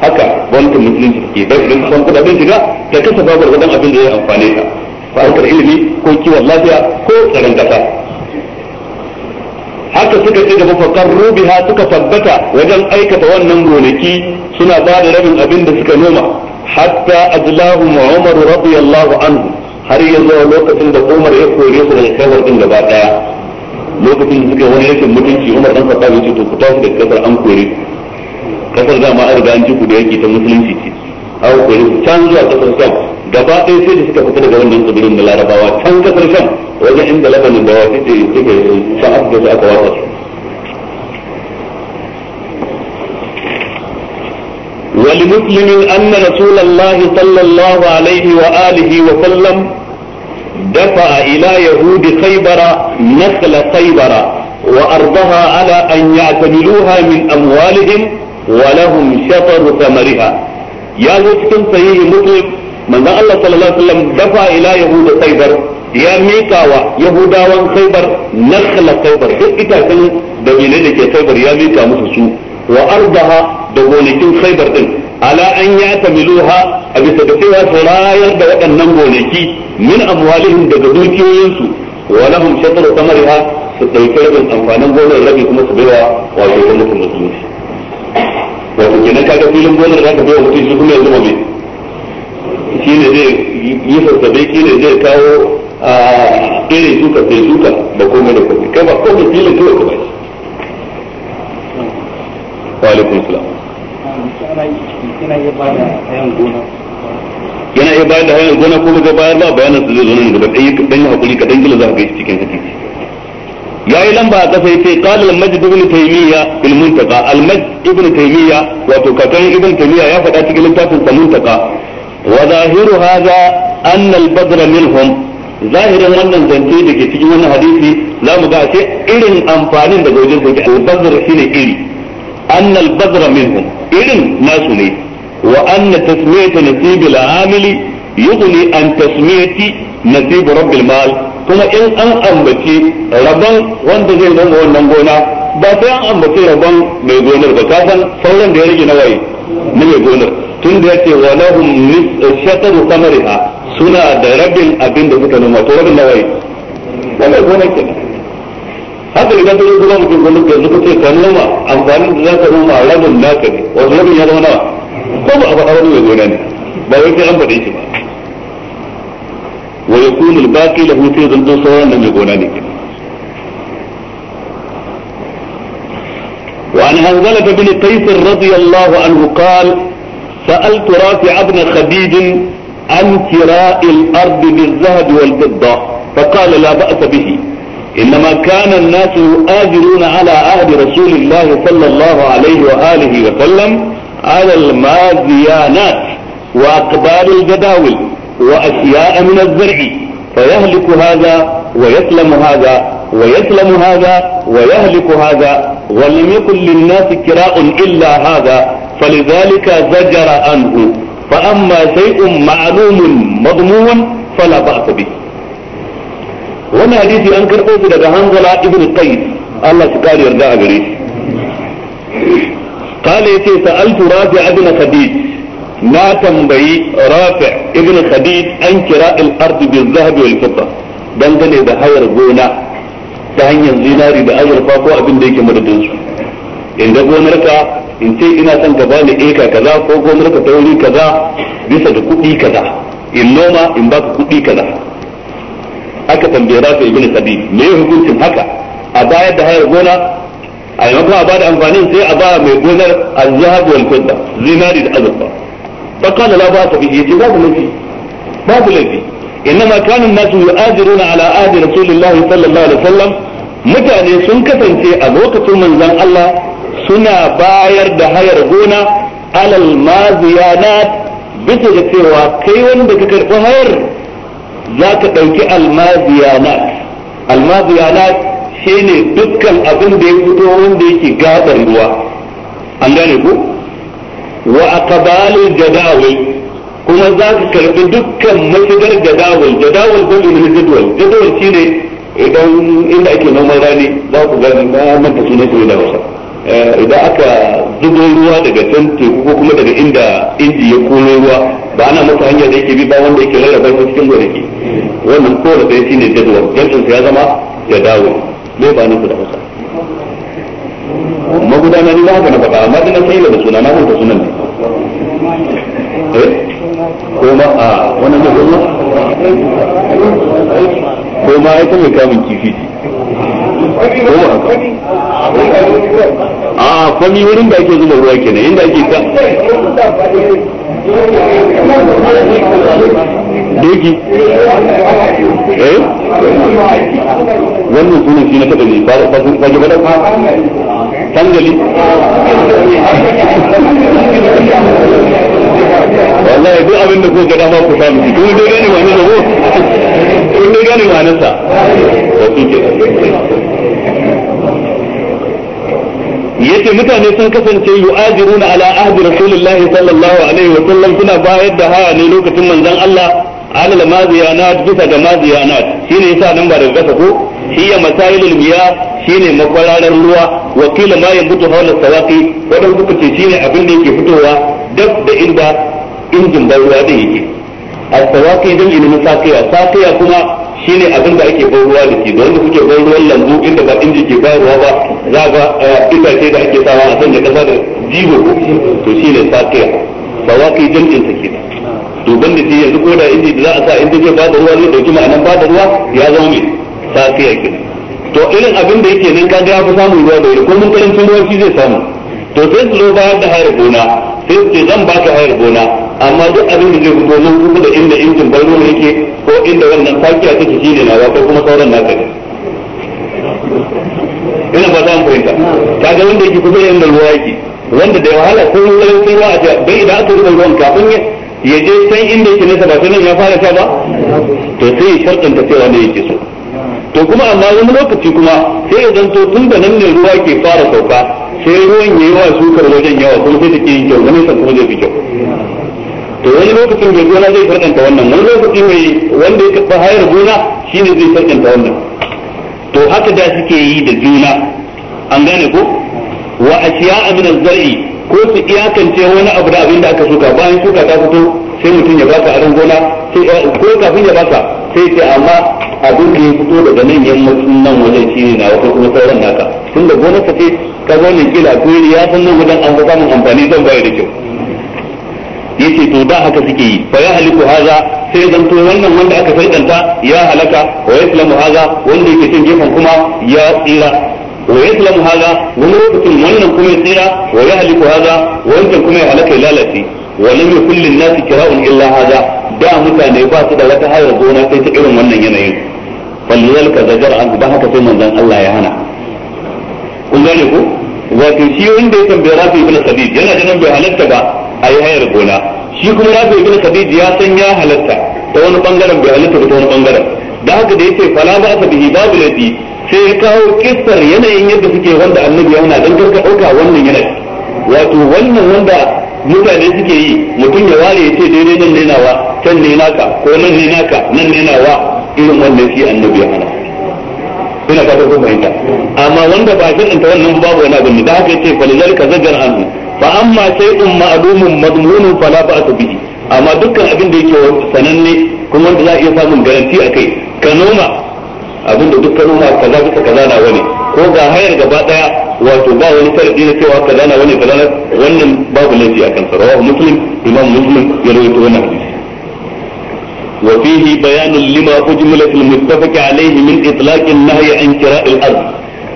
haka gwamnatin musulunci ke bai idan kusan kudaden shiga ta kasa babar wadan abin da ya amfane ka ko harkar ilimi ko kiwon lafiya ko tsaron kasa haka suka ci gaba fakar rubiha suka tabbata wajen aikata wannan gonaki suna ba da rabin abin da suka noma hatta ajlahu umar radiyallahu anhu har yanzu lokacin da umar ya kore su daga kaiwar din gaba daya lokacin da suka wani rashin mutunci umar dan khattab ya ce to ku tafi daga kasar an kore kasar dama an riga an ji da yake ta musulunci ce haka ko can zuwa kasar sham gaba ɗaya sai da suka fita daga wannan tsibirin da larabawa can kasar sham wajen inda labanin da wasu ce suke sha'af da su aka wasa su ولمسلم أن رسول الله صلى الله عليه وآله وسلم دفع إلى يهود خيبر نخل خيبر وأرضها على أن يعتملوها من أموالهم wa lahum samariha ya zo cikin sahihi muslim manzon Allah sallallahu alaihi wasallam dafa ila yahuda saibar ya mika wa yahudawan saibar nakhla saibar duk itacen da bile da ke saibar ya mika musu su wa ardaha da gonakin saibar ɗin ala an ya tamiluha a bisa da cewa su rayar da waɗannan gonaki min amwalihim daga dukiyoyinsu wa lahum shataru samariha su ɗauki rabin amfanin gonar rabi kuma su baiwa wato gwamnatin musulunci wato kenan kaga filin gonar zaka bai biya mutum shi kuma ya zuba mai shi ne zai yi sassabe shi ne zai kawo a irin shuka sai shuka da komai da komai kai ba komai filin kawai ka bashi wa alaikum salam yana iya ba da hayan gona yana iya bayar da hayan gona ko ga bayar ba bayanan su zai zo nan gaba ɗaya ɗan hakuri kaɗan gila za ka gaishe cikin hadisi yayi lamba a kasa yace qala al-majd ibn taymiya fil muntaqa al-majd ibn taymiya wato kakan ibn taymiya ya faɗa cikin littafin sa muntaqa wa zahiru hadha anna al-badra minhum zahirin wannan zance da ke cikin wannan hadisi za mu ga ce irin amfanin da gojin sauki al-bazr shine iri an al-bazr minhum irin nasu ne wa anna tasmiyatu nasib al-amili yughni an tasmiyati nasib rabb al-mal kuma in an ambaci rabon wanda zai noma wannan gona ba sai an ambaci rabon mai gonar ba kasan sauran da ya rage na waye na mai gonar tun da ya ce wa lahum shataru suna da rabin abin da suka noma to rabin na waye wannan gonar ke haka idan ka zo zuwa mutum gonar da zuka ce ka noma amfanin da za ka noma rabin naka ne wasu rabin ya zama nawa ko ba a faɗa wani mai gona ne ba wai sai an faɗe shi ba ويكون الباقي له في lahu sai لم sauran عليك وعن هنزلة بن قيس رضي الله عنه قال سألت رافع بن خديج عن كراء الأرض بالذهب والفضة فقال لا بأس به إنما كان الناس يؤاجرون على عهد رسول الله صلى الله عليه وآله وسلم على المازيانات وأقبال الجداول وأشياء من الزرع فيهلك هذا ويسلم هذا ويسلم هذا ويهلك هذا ولم يكن للناس كراء إلا هذا فلذلك زجر عنه فأما شيء معلوم مضمون فلا بأس به وما حديث أنكر karɓo su daga ابن ibn الله Allah shi قال يتي إيه، سألت رافع بن خديج na tambayi rafi ibn khadid an kira al-ard bil zahab wal fidda dangane da hayar gona ta hanyar zinari da azurfa ko abin da yake madadin su in ga gonarka in ce ina son ka bani eka kaza ko gonarka ta kaza bisa da kuɗi kaza in noma in baka kuɗi kaza aka tambaye rafi ibn khadid me hukuncin haka a bayar da hayar gona a maimakon a bada amfanin sai a ba mai gonar al-zahab wal fidda zinari da azurfa fa qala la ba'a bihi yace babu laifi babu laifi innama kana an-nasu yu'aziruna ala ahdi rasulillahi sallallahu alaihi wasallam mutane sun kasance a lokacin manzon Allah suna bayar da hayar gona alal bisa da cewa kai wanda ka karɓi hayar za ka ɗauki almaziyanat almaziyanat shine dukkan abin da ya fito wanda yake gabar ruwa an wa aqbalil jadawil kuma za ka karbi dukkan mashigar jadawil jadawil ko ilmin jadawil jadawil shine idan inda ake noman rani za ku gani na manta shi ne da wasa eh, idan aka zubo ruwa daga can teku ko kuma daga inda inji ya kone ruwa ba ana masa hanya da yake bi ba wanda yake rarraba shi cikin gonaki wannan da ɗaya shine jadawil jansin ya zama jadawil ne ba ni ku da wasa magudana ne na haka na faɗa amma dina sai da suna na huta sunan ne eh? ko ma a wannan ne goma ko ma ai kuma kamun kifi ce ko ma a kwami wurin da ake zuba ruwa kenan inda ake ta doki eh wannan sunan shi na taɓa ne ba ba ba ba ba tangali wallahi duk abin da kuka dama ku samu kun dai gane ma'anar sa ko dai gane sa wasu ke yace mutane sun kasance yu'ajiruna ala ahdi rasulillahi sallallahu alaihi wa sallam suna bayar da haya ne lokacin manzon Allah alal maziyanat bisa da maziyanat shine yasa nan ba da gasa ko hiya masailul biya shine makwararar ruwa wa kila ma yanbutu hawla sawaqi wadan kuka ce shine abin da yake fitowa dab da inda injin ban ruwa din yake as-sawaqi dan ilmi saqiya saqiya kuma shine abin da ake ban ruwa da ke da wanda kuke ban ruwan lambu inda ba inji ke ruwa ba za ga eh, itace da ake sawa a sanya kasa da jigo to shine sakiya ba wa kai jam'in ta kenan to ban da shi yanzu ko da inji da za a sa inda ke ba da ruwa zai dauki ma'anan ba da ruwa ya zama mai sakiya ke to irin abin da yake nan kaga ya fi samun ruwa da wuri ko mun karancin ruwa shi zai samu to sai su zo bayar da hayar gona sai su ce zan baka hayar gona amma duk abin da zai fito nan kuma da inda injin barno yake ko inda wannan fakiya take shine nawa ko kuma sauran naka ne ina ba za mu fahimta kaga wanda yake kusa da inda ruwa yake wanda da wahala ko ruwan ruwa a ce bai idan aka ruwa ruwan kafin ya ya je san inda yake nesa ba sai nan ya fara sha ba to sai ya shartanta cewa ne yake so to kuma amma wani lokaci kuma sai ya zanto tun da nan ne ruwa ke fara sauka sai ruwan ya yi wa shukar wajen yawa kuma sai take yin kyau ne san kuma zai fi kyau to wani lokacin mai gona zai farkanta wannan wani lokaci mai wanda ya kafa hayar gona shine zai farkanta wannan to haka da suke yi da juna an gane ko wa ashiya'a min zari ko su iyakance wani abu da abin da aka shuka bayan shuka ta fito sai mutum ya baka aron gona sai ko kafin ya baka sai ce amma abin da ya fito daga nan yan mutum nan wajen shi ne na wata kuma sauran naka tunda gonar ka ce ka zo ne kila ko ya san nan wajen an ga samun amfani zan bayar da kyau yace to da haka suke yi fa ya haliku haza sai zanto wannan wanda aka faidanta ya halaka wa yaslamu haza wanda yake cin gefen kuma ya tsira wa yaslamu haza wani lokacin wannan kuma ya tsira wa ya haliku haza wancan kuma ya halaka ya lalace wa lam yakul lin nasi kira'un illa haza da mutane ba su da wata hayar gona sai ta irin wannan yanayin fallilka zajar an ba haka sai manzon Allah ya hana kun gane ko wato shi wanda ya tambaya rafi ibn sabib yana ganin bai halatta ba a yi hayar gona shi kuma rafi ibn khadij ya san ya halatta ta wani bangaren bai halatta ta wani bangaren da haka da yake fala ba ta bihi babu ladi sai ya kawo kissar yanayin yadda suke wanda annabi yana dan karka dauka wannan yana wato wannan wanda mutane suke yi mutum ya ware ya ce daidai nan ne nawa can ne naka ko nan ne naka nan ne nawa irin wannan shi annabi ya ina fata kun fahimta amma wanda ba in ta wannan babu wani abin da haka yake fa lidalika zajjar anhu fa amma shay'un ma'lumun madmunun fala ba'sa bihi amma dukkan abin da yake sananne kuma wanda za a iya samun garanti akai ka noma abin da dukkan noma kaza bisa kaza na wani ko ga hayar gaba daya wato ba wani sharadi na cewa kaza na wani kaza wannan babu laifi akan sa rawahu muslim imam muslim ya rawaito wannan hadisi وفيه بيان لما أجمل في المتفق عليه من إطلاق النهي عن شراء الأرض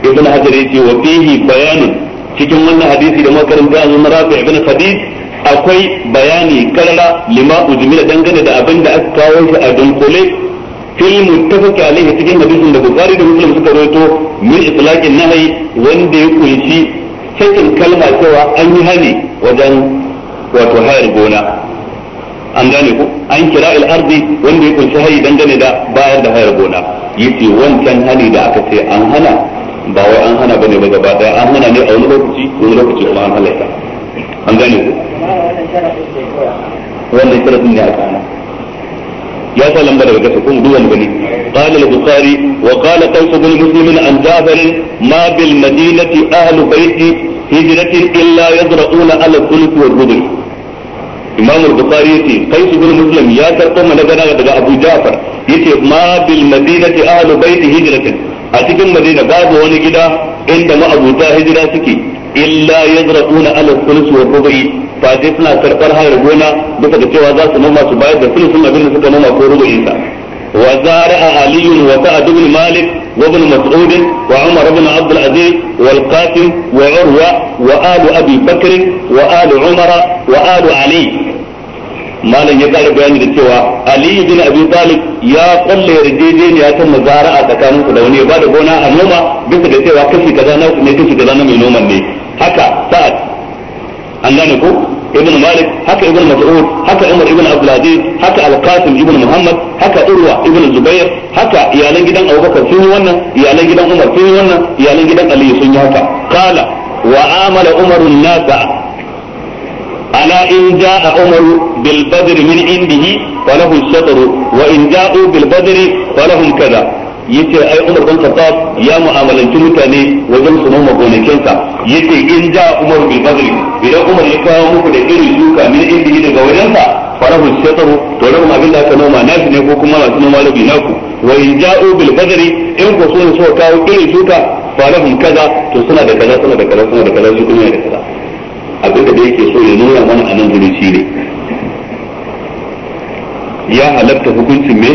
ابن حجر وفيه بيان cikin wannan hadisi da makaranta an rafi ibn hadis akwai bayani karara lima ujmila dangane da abin da aka kawo shi a dunkule fil muttafaq alaihi cikin hadisin da bukhari da muslim suka rawaito min itlaqin nahyi wanda ya kunshi sakin kalma cewa an yi hani wajen wato hayar gona an gane ku an kira al-ardi wanda ya kunshi hayi dangane da bayar da hayar gona yace wancan hani da aka ce an hana ba wai an hana bane ba gaba daya an hana ne a wani lokaci wani lokaci kuma an halatta an gane ku wannan sharadin ne a kana ya sa lamba daga kasa kuma قال البخاري وقال قوس بن مسلم عن جابر ما بالمدينة أهل بيت هجرة إلا يزرعون على الثلث والبدر imam al-bukhari yace kai su bin muslim ya karɓo mana gana daga abu ja'far yace ma madinati ahlu baiti a cikin madina babu wani gida inda ma'abuta hijira suke illa ya zarafuna ala sulus wa rubai fa dai suna karbar hayar gona duka da cewa za su noma su bayar da sulus na abin da suka noma ko rubai sa wa zara'a aliyun wa sa'd ibn malik wa ibn mas'ud wa umar ibn abd al-aziz wal qasim wa urwa wa alu wa alu umar wa alu ali malam ya kara bayani da cewa ali bin abi talib ya kulle yarjejeniya ta a tsakanin su da wani ya bada gona a noma bisa da cewa kashi kaza na ne kashi kaza na mai noman ne haka sa'ad an gane ko ibn malik haka ibn mas'ud haka umar ibn abdul haka al-qasim ibn muhammad haka urwa ibn zubair haka iyalan gidan abubakar sun yi wannan iyalan gidan umar sun yi wannan iyalan gidan ali sun yi haka qala wa amala an nasa ألا إن جاء عمر بالبدر من عنده فله الشطر وإن جاءوا بالبدر فلهم كذا yace ai Umar bin Khattab ya mu'amalanci mutane wajen su noma gonakinsa yace in ja Umar bil Badr idan Umar ya kawo muku da irin shuka min indihi daga wajensa farahu shataru to lahum abin da aka noma nasu ne ko kuma masu noma rabi naku wa in ja'u bil Badr in ko sun so kawo irin shuka falahum kaza to suna da kaza suna da kaza suna da kaza su kuma da kaza abin da yake so ya nuna mana a nan gurin shi ne ya halatta hukuncin me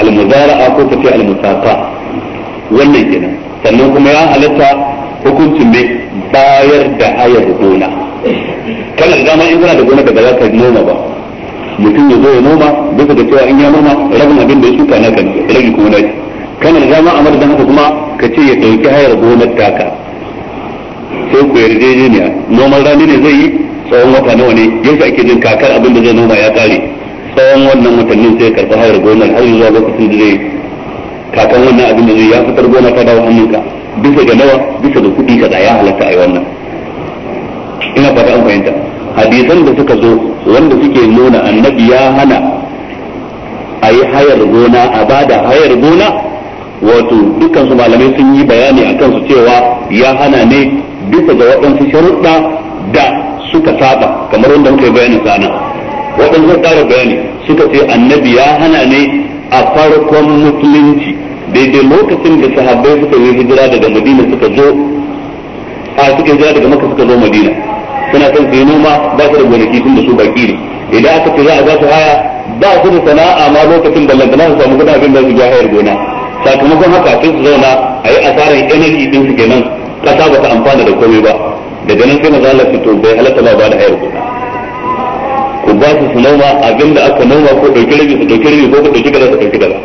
almuzara'a ko kace almusafa wannan kenan sannan kuma ya halatta hukuncin me bayar da hayar gona kana da dama in kana da gona da ba za ka noma ba mutum ya zo ya noma bisa da cewa in ya noma rabin abin da ya shuka na kan rage kuma kana da dama a madadin haka kuma ka ce ya dauki hayar gonar taka sai ku yarjejeniya noman rani ne zai yi tsawon wata nawa ne yadda ake jin kakar abin da zai noma ya kare tsawon wannan watannin sai karɓi hayar gonar har zuwa lokacin da zai kakan wannan abin da zai ya fitar gona ta dawo hannunka bisa ga nawa bisa ga kuɗi kaza ya halatta a yi wannan ina fata an fahimta hadisan da suka zo wanda suke nuna annabi ya hana a yi hayar gona a bada hayar gona wato dukkan su malamai sun yi bayani a su cewa ya hana ne bisa ga waɗansu sharuɗa da suka saba kamar wanda muka yi bayanin sana waɗansu ƙara bayani suka ce annabi ya hana ne a farkon musulunci daidai lokacin da sahabbai suka yi hijira daga madina suka zo a suka hijira daga maka suka zo madina suna son su yi noma ba su da gonaki tun da su baki ne idan aka ce za a za su haya ba su da sana'a ma lokacin da lantana su samu kuɗin abin da su ja hayar gona sakamakon haka sun su zauna a yi asarar energy din su kenan kasa ba ta amfana da komai ba daga nan sai maza Allah to bai halatta ba ba da hayar kuɗa ku ba su su noma da aka noma ko ɗauki rabi su ɗauki rabi ko ku ɗauki kaza su ɗauki kaza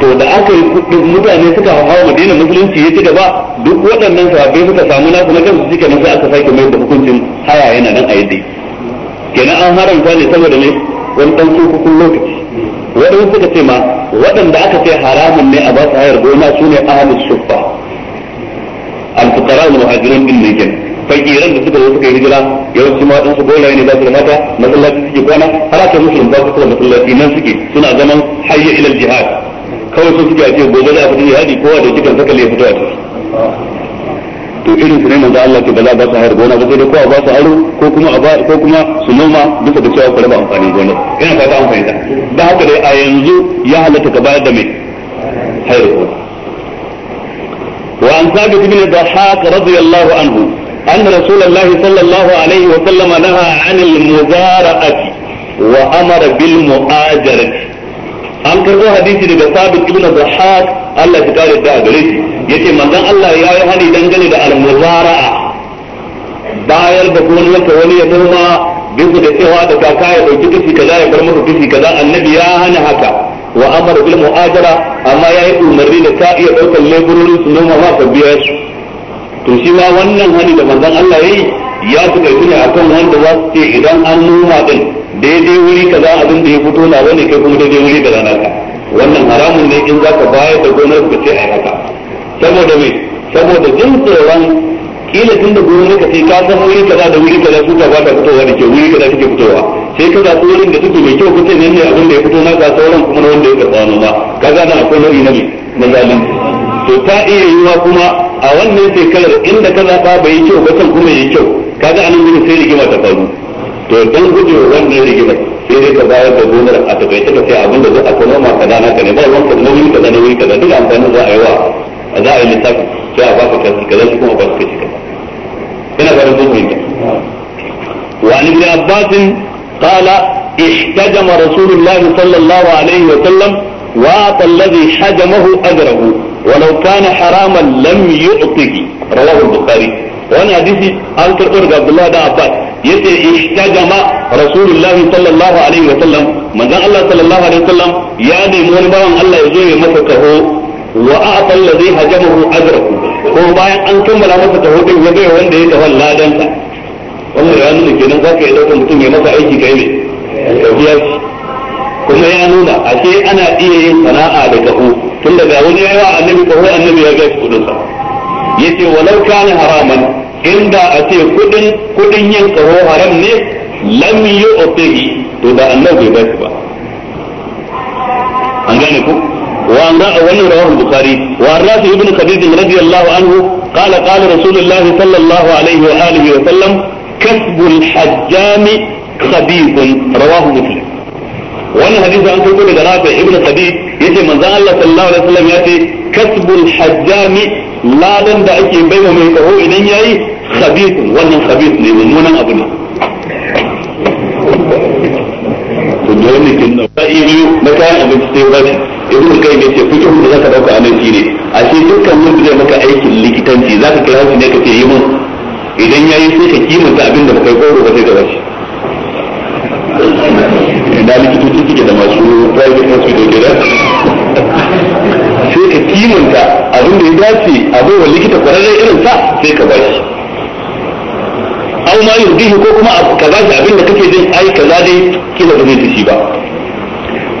to da aka yi kuɗin mutane suka hawa madina musulunci ya ci gaba duk waɗannan sahabbai suka samu nasu na kansu suke nan sai aka sake mai da hukuncin haya yana nan a yadda kenan an haramta ne saboda ne wani ɗan tsokokun lokaci waɗansu suka ce ma waɗanda aka ce haramun ne a ba su hayar gona su ne ahalus shuffa al-fuqara wal muhajirun din ne kenan fakiran da suka zo suka yi hijira yawanci ma ɗansu gola ne ba su da mata masallaci suke kwana har aka musu ba su da masallaci nan suke suna zama hayya ilal jihad kawai su suke a ce gobe za a fita jihadi kowa da kitan saka ya fito a ciki to irin su ne manzo Allah ke bala ba su hayar gona ba sai dai kowa ba su aro ko kuma a ba ko kuma su noma da cewa gona ina da haka dai a yanzu ya halatta ka bayar da mai وعن ثابت بن الضحاك رضي الله عنه أن رسول الله صلى الله عليه وسلم نهى عن المزارعة وأمر بالمؤاجرة an karbo hadisi daga sabit ibn dhahhak Allah ya kare da gare shi yace manzon Allah ya yi hani dangane da al-muzara'a bayar da gonar wata wani ya noma bisa da cewa da kaka ya dauki kishi kaza ya bar masa kishi kaza annabi ya hana haka wa amara bil mu'ajara amma ya yayi umarni da ka iya daukar leburori su noma ma ka biya shi to shi ma wannan hani da manzon Allah yayi ya su kai ne akan wanda za su ce idan an noma din daidai wuri kaza abin da ya fito na wani kai kuma daidai wuri kaza naka wannan haramun ne in zaka bayar da gonar ka ce ai haka saboda me saboda jin tsoron kila tun da gurin ka sai ka san wuri kaza da wuri kaza kuka ba ta fitowa da ke wuri kaza take fitowa sai ka zaɓi wurin da take mai kyau kusa ne ne abin da ya fito na ga sauran kuma wanda ya karɓa ma kaza nan akwai nau'i na na zalin to ta iya yiwa kuma a wannan shekarar inda ka zaɓa bai yi kyau ba san kuma yi kyau kaga anan gurin sai rigima ta faru to dan gujewa wannan rigimar sai dai ka bayar da gonar a takaice ka sai abin da za a kuma ma kaza na ka ne ba ruwan ne wuri kaza wuri kaza duk amfani za a yi wa a za a yi lissafin sai a baka kashi kaza shi kuma a baka kashi kaza ina ba da zo wa an ibn abbas qala ihtajama rasulullahi sallallahu alaihi wa sallam wa alladhi hajamahu ajrahu ولو كان حراما لم يعطه رواه البخاري وانا حديثي عن كربون عبد الله بن عباس yace ihtajama rasulullah sallallahu alaihi wa sallam manzon Allah sallallahu alaihi wa ya nemi wani bawan Allah ya zo ya masa kaho wa a'ta ladhi hajamahu ajrahu ko bayan an kammala masa tawhidin ya bai wanda ya tawalla ladan sa wannan ya nuna kenan zaka yi dauka mutum ya masa aiki kai ne biya shi kuma ya nuna ashe ana iya yin sana'a da kahu tun daga wani yawa annabi kahu annabi ya gashi kudin sa yace walau kana haraman inda a ce kudin kudin yin kahu haram ne lam yu'tihi to da annabi bai ba an gane ku وعن wannan رواه البخاري وعن رافع بن خديج رضي الله عنه قال قال رسول الله صلى الله عليه واله وسلم كسب الحجام خبيث رواه مسلم wannan hadisi an kai daga Rafi ibn Khadij yace manzo Allah sallallahu alaihi wasallam yace kasbul hajjami ladan da ake baiwa mai kaho idan yayi khabith wannan khabith ne mummunan abu ne da wannan kin nan ba iya biyu na kayan abinci sai ba shi ibnu kai ne ce fikin da zaka dauka anan shine a ce dukkan mun zai maka aikin likitanci zaka kira shi ne ka ce yi mun idan yayi sai ka kimanta abin da baka koro ba sai ka bashi da likitoci suke da masu private hospital kenan sai ka kimanta abin da ya dace a bai wa likita kwararren irin sa sai ka bashi ma yurdihi ko kuma ka bashi shi abin da kake jin ai kaza dai kila ba zai shi ba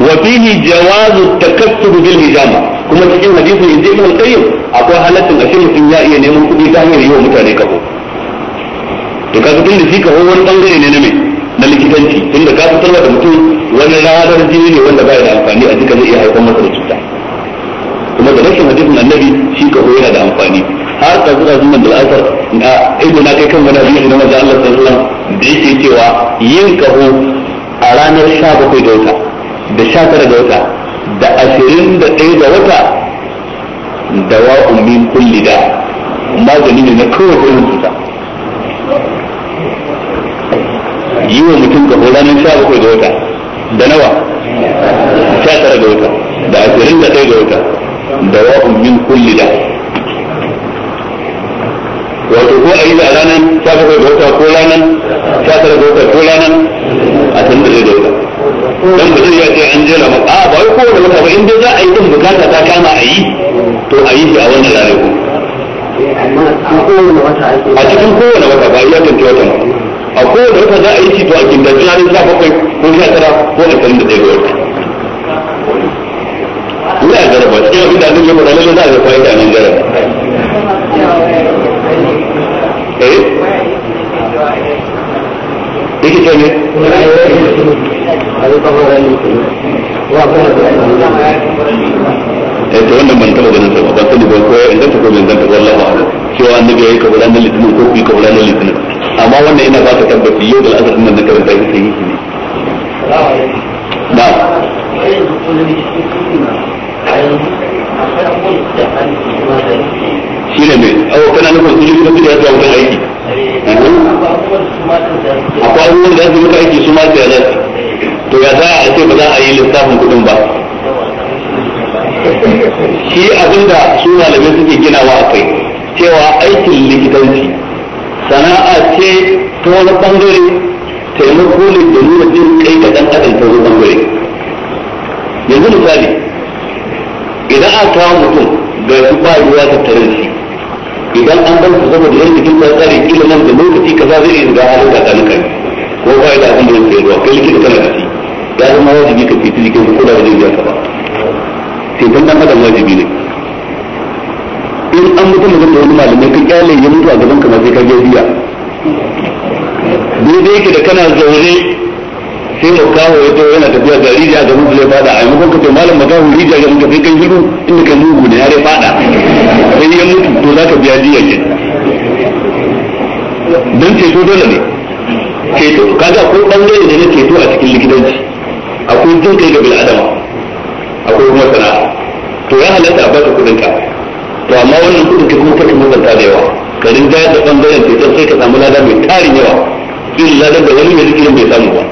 wa bihi jawazu takassub bil hijama kuma cikin hadisi yanzu ibn al-qayyim akwai a cikin mutum ya iya neman kuɗi ta hanyar yi wa mutane kabo to ka tun da shi ka wani bangare ne na me na likitanci inda ka fitar da mutum wani ladar jini ne wanda baya da amfani a cikin zai iya haifar masa da cuta kuma da rashin hadisin annabi shi ka yana da amfani har ka zura zuwa da al'asar na ido na kai kan wani abin da maza Allah sallallahu alaihi da yake cewa yin kaho a ranar bakwai ga wata da tara ga wata da da ɗaya ga wata dawa'un min kulli da magani ne na kowace irin cuta yi wa mutum kaho ranar bakwai ga wata da nawa tara ga wata da da ɗaya ga wata dawa'un min kulli da wato ko a yi da ranar sha bakwai da wata ko ranar sha tara da wata ko ranar a tun da zai da wata dan ba zai ce an jera ma a ba ko da wata ba in dai za a yi din bukata ta kama a yi to a yi shi a wannan ranar a cikin kowane wata ba ya tantu wata ba a kowane wata za a yi shi to a da ranar sha bakwai ko sha tara ko a tun da zai da wata ina jaraba cikin abin da yi ya da lalle za a ga fa'ida nan jaraba eh yake ce ne eh to wannan ban taba ganin sa ba sani ba ko in zanta ko ban zanta wallahi a'lam cewa annabi yayi kabura na litinin ko kuma kabura na litinin amma wannan ina ba ka tabbaci yau da al'adar nan da karanta shi yi ne na a yanzu shi ne mai awa kana nufin su shirka su da yasa wajen aiki akwai abubuwan da su maka aiki su ma da yasa to ya za a ce ba za a yi lissafin kuɗin ba shi abinda su malamai suke ginawa a kai cewa aikin likitanci sana'a ce ta wani bangare taimako ne da nuna jin kai ga dan adam ta wani bangare yanzu misali idan aka kawo mutum da su ba ruwa ta tare shi idan an bar su saboda yan jikin ta tsare kila nan da lokaci kaza zai yi zuga halin da kan kai ko ba da abin da yake zuwa kai likita kana da shi ya zama wajibi ka fiti jikin ko da wajen biya ka ba sai dan dan adam wajibi ne in an mutu da wani malamai ka kyale ya mutu a gaban ka ma sai ka je biya daidai yake da kana zaure sai mu kawo ya zo yana tafiya ga rijiya da gaban zai fada a maimakon kace malam makahu rijiya ga muka sai kai shiru inda kai mugu ne ya dai fada sai ya mutu to zaka biya jiya ke dan ceto dole ne ceto kaga ko bangare da na ceto a cikin likitanci akwai jin kai ga bil adama akwai kuma sana'a to ya halatta a baka kudin ka to amma wannan kudin ka kuma kake mutunta da yawa garin da da bangaren ceton sai ka samu lada mai tarin yawa illa da wani mai zikirin bai samu ba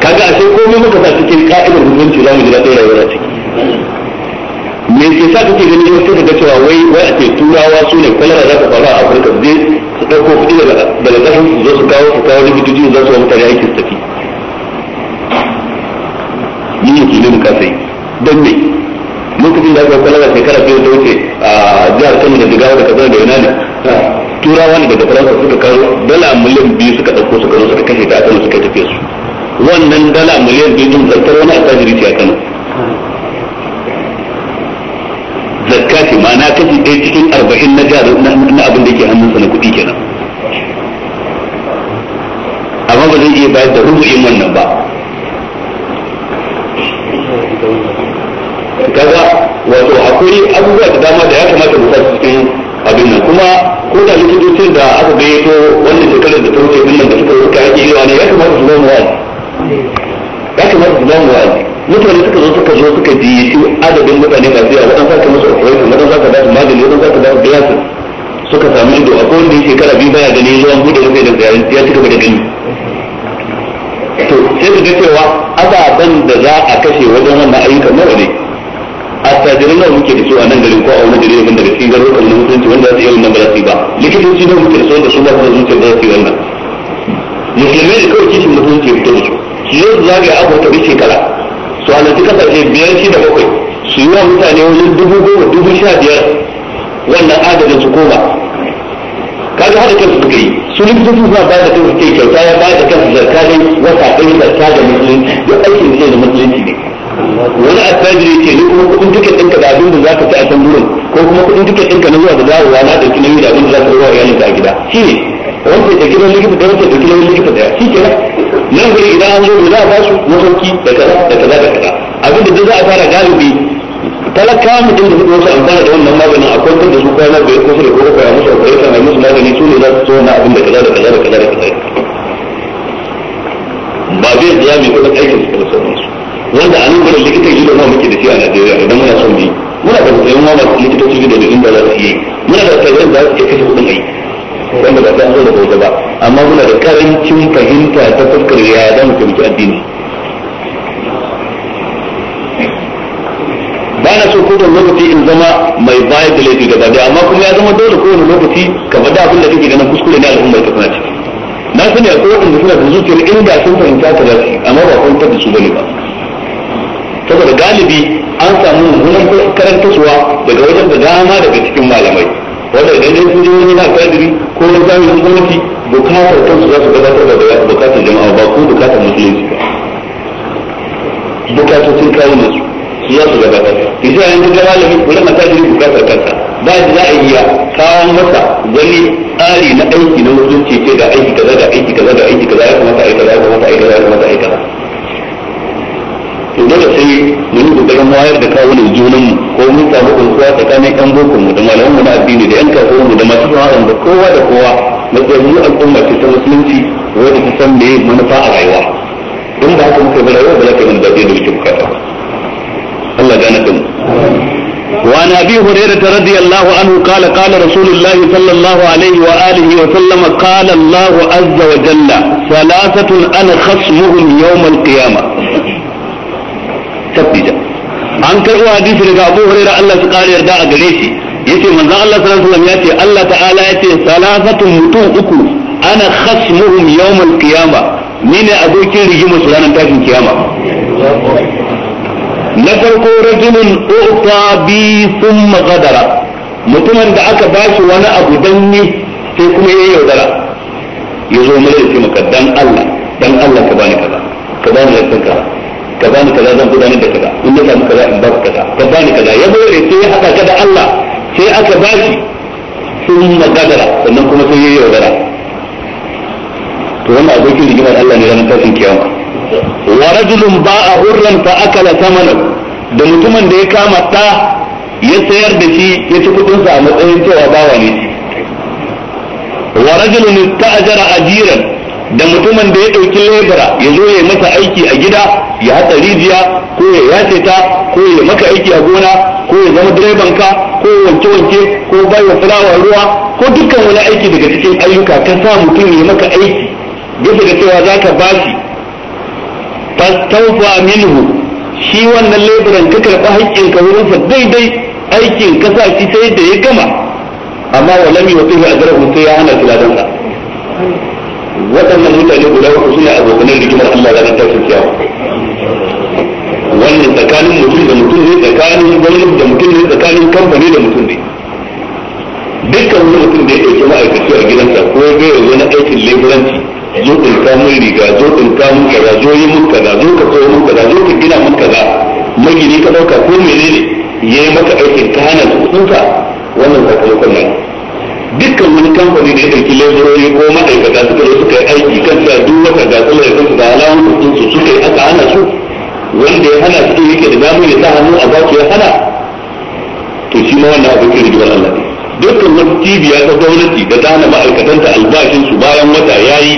kaga a sai komai muka sa cikin ka'idar hukunci za mu ji daɗin rayuwar ciki me ke sa kake ganin yau suka ga cewa wai wai a ce turawa su ne kwalara za ta faru a afirka zai su ɗauko kuɗi daga ƙasar su zo su kawo su kawo likitoci za su wa mutane aikin tafi ni ne ke nuna kasai don me lokacin da aka kwalara shekara biyar da wuce a jihar kano da jigawa da kasar da yunani turawa ne daga faransa suka kawo dala miliyan biyu suka wannan dala miliyan biyu din zartar wani attajiri ce a Kano zakka ce ma'ana kashi ɗaya cikin arba'in na jihar na abin da ke hannunsa na kuɗi kenan amma ba zai iya bayar da rubu'in wannan ba kaga wato akwai abubuwa da dama da ya kamata mu fasu cikin abin nan kuma ko da likitocin da aka gayyato wannan shekarar da ta wuce ɗin nan da suka wuce ake yi ne ya kamata su zama wani ya kamata su ba wa'azi mutane suka zo suka zo suka ji shi adadin mutane masu yawa wadan saka musu operation wadan saka ba su magani wadan saka ba su glasses suka samu ido a wanda yake shekara biyu baya gani zuwa bude rufe da tsayarin ya ci gaba da gani to sai ka ga cewa ababen da za a kashe wajen wannan ayyukan nawa ne a attajirin nawa muke da su a nan garin ko a wani gari wanda da cikin garurukan na mutunci wanda za su yi wannan ba za su yi ba likitoci nawa muke da su wanda su ba su da zuciya ba za su yi wannan musulmai da kawai kishin mutunci ya fito da su su zo su abu ta duk kala su halarci kasashe biyar shi da bakwai su yi wa mutane wajen dubu goma dubu sha biyar wannan adadin su koma kaga hada kansu suka yi su likitoci suna ba da kansu ke kyauta ya ba da kansu zarka ne wata ɗaya zarka da musulunci duk aikin da da musulunci ne wani asajiri ke ni kuma kuɗin duka ɗinka da abin da za ka ci a can burin ko kuma kuɗin duka ɗinka na zuwa da dawowa na ɗauki yi da abin da za ka zuwa iyalinka a gida shi ne wanda ya ɗauki na likita da wanda ya ɗauki nauyin likita da shi ke nan gari idan an zo da za a ba su masauki da kaza da kaza da kaza abin da za a fara galibi talaka mutum da suka wasu amfana da wannan maganin a kwantar da su kwana ko sai da ko ya musu operation a musu magani su ne za su zo na abin da kaza da kaza da kaza da kaza ba zai tsaya mai kudin aikin su kuma su wanda a nan gudun likitan ido ma muke da shi a Najeriya idan muna son bi muna da tsayin wa masu likitoci da da inda za su yi muna da tsayin za su iya kashe kudin aiki wanda ba sai an zo daga waje ba amma muna da karancin fahimta ta fuskar ya da mu taimaki addini ba na so kowane lokaci in zama mai bayar da laifi gaba da amma kuma ya zama dole kowane lokaci ka faɗa abin da kake ganin kuskure na al'ummar ka kuna ciki na sani akwai waɗanda suna da zuciyar inda sun fahimta ta zafi amma ba kwantar da su bane ba saboda galibi an samu mummunan karantarwa daga wajen da dama daga cikin malamai wanda idan dai sun je wani na kadiri ko na wani jami'in gwamnati bukatar kansu za su gabatar da bukatar jama'a ba ko bukatar musulunci ba bukatocin kayan su su za su gabatar isa yanzu ga malami na matajiri bukatar kansa ba da za a iya kawo masa wani tsari na aiki na musulunci ce da aiki kaza da aiki kaza da aiki kaza ya kamata a yi kaza ya kamata a yi kaza ya kamata a to dole sai mu yi kokarin wayar da kawo da junan mu ko mun samu kunkuwa tsakanin yan boko mu da malaman mu na addini da yan kasuwar mu da masu sana'ar da kowa da kowa matsayin mu al'umma ce ta musulunci wanda ta san me manufa a rayuwa don ba haka muka yi rayuwa ba za ka yi mana daɗi da muke bukata Allah gane da وعن ابي هريره رضي الله عنه قال قال رسول الله صلى الله عليه واله وسلم قال الله عز وجل ثلاثه انا خصمهم يوم القيامه an karɓo hadisi daga Abu Hurairah Allah su ƙara yarda a gare shi yace manzon Allah sallallahu alaihi wasallam yace Allah ta'ala yace salafatun mutum uku ana khasmuhum yawmal qiyama ni ne abokin rigimar su ranar tashin kiyama na farko rajulun uta bi thumma ghadara mutumin da aka bashi wani abu dan ni sai kuma ya yaudara ya zo mu da shi maka dan Allah dan Allah ka bani kaza ka bani kaza ka bani kaza zan gudanar da kaza in na samu kaza in ba kaza ka bani kaza ya bayar sai ya haɗa ka da Allah sai aka bashi sun magadara sannan kuma sai ya yaudara to wannan abokin rigimar Allah ne ranar tashin kiyama wa rajulun a hurran fa akala thamanan da mutumin da ya kama ta ya sayar da shi ya ci kudin sa a matsayin cewa bawa ne wa rajulun ista'jara ajiran da mutumin da ya ɗauki lebura ya zo ya masa aiki a gida ya hatsa rijiya ko ya yace ta ko ya maka aiki a gona ko ya zama direban ka ko ya wanke wanke ko ya fulawa ruwa ko dukkan wani aiki daga cikin ayyuka ka sa mutum ya maka aiki bisa da cewa za ka shi fastaufa minhu shi wannan leburan ka karɓi haƙƙin ka wurin sa daidai aikin ka sa shi sai da ya gama amma walami wa tuhu zarafin sai ya hana tiladan waɗannan mutane guda uku suna abokanan rigimar Allah ta tashin kiyama wannan tsakanin mutum da mutum ne tsakanin gwamnati da mutum ne tsakanin kamfani da mutum ne dukkan wani mutum da ya ɗauki ma'aikaci a gidansa ko bai gaya wani aikin leburanci zo in mun riga zo in mun kaza zo yi mun kaza zo ka koyo mun kaza zo ka gina mun kaza magini ka ɗauka ko menene ya yi maka aikin ta hana su kuɗinka wannan sakamakon nan dukkan wani kamfani da ya ɗauki leburori ko ma'aikata suka yi suka yi aiki kan sa duk wata ga ya kansu da alamun kuɗin su suka yi aka hana su wanda ya hana su yake da damar ya sa hannu a baki ya hana to shi ma wannan abin da jiwar Allah ne dukkan wata cibiya ta gwamnati da ta hana ma'aikatanta su bayan wata ya yi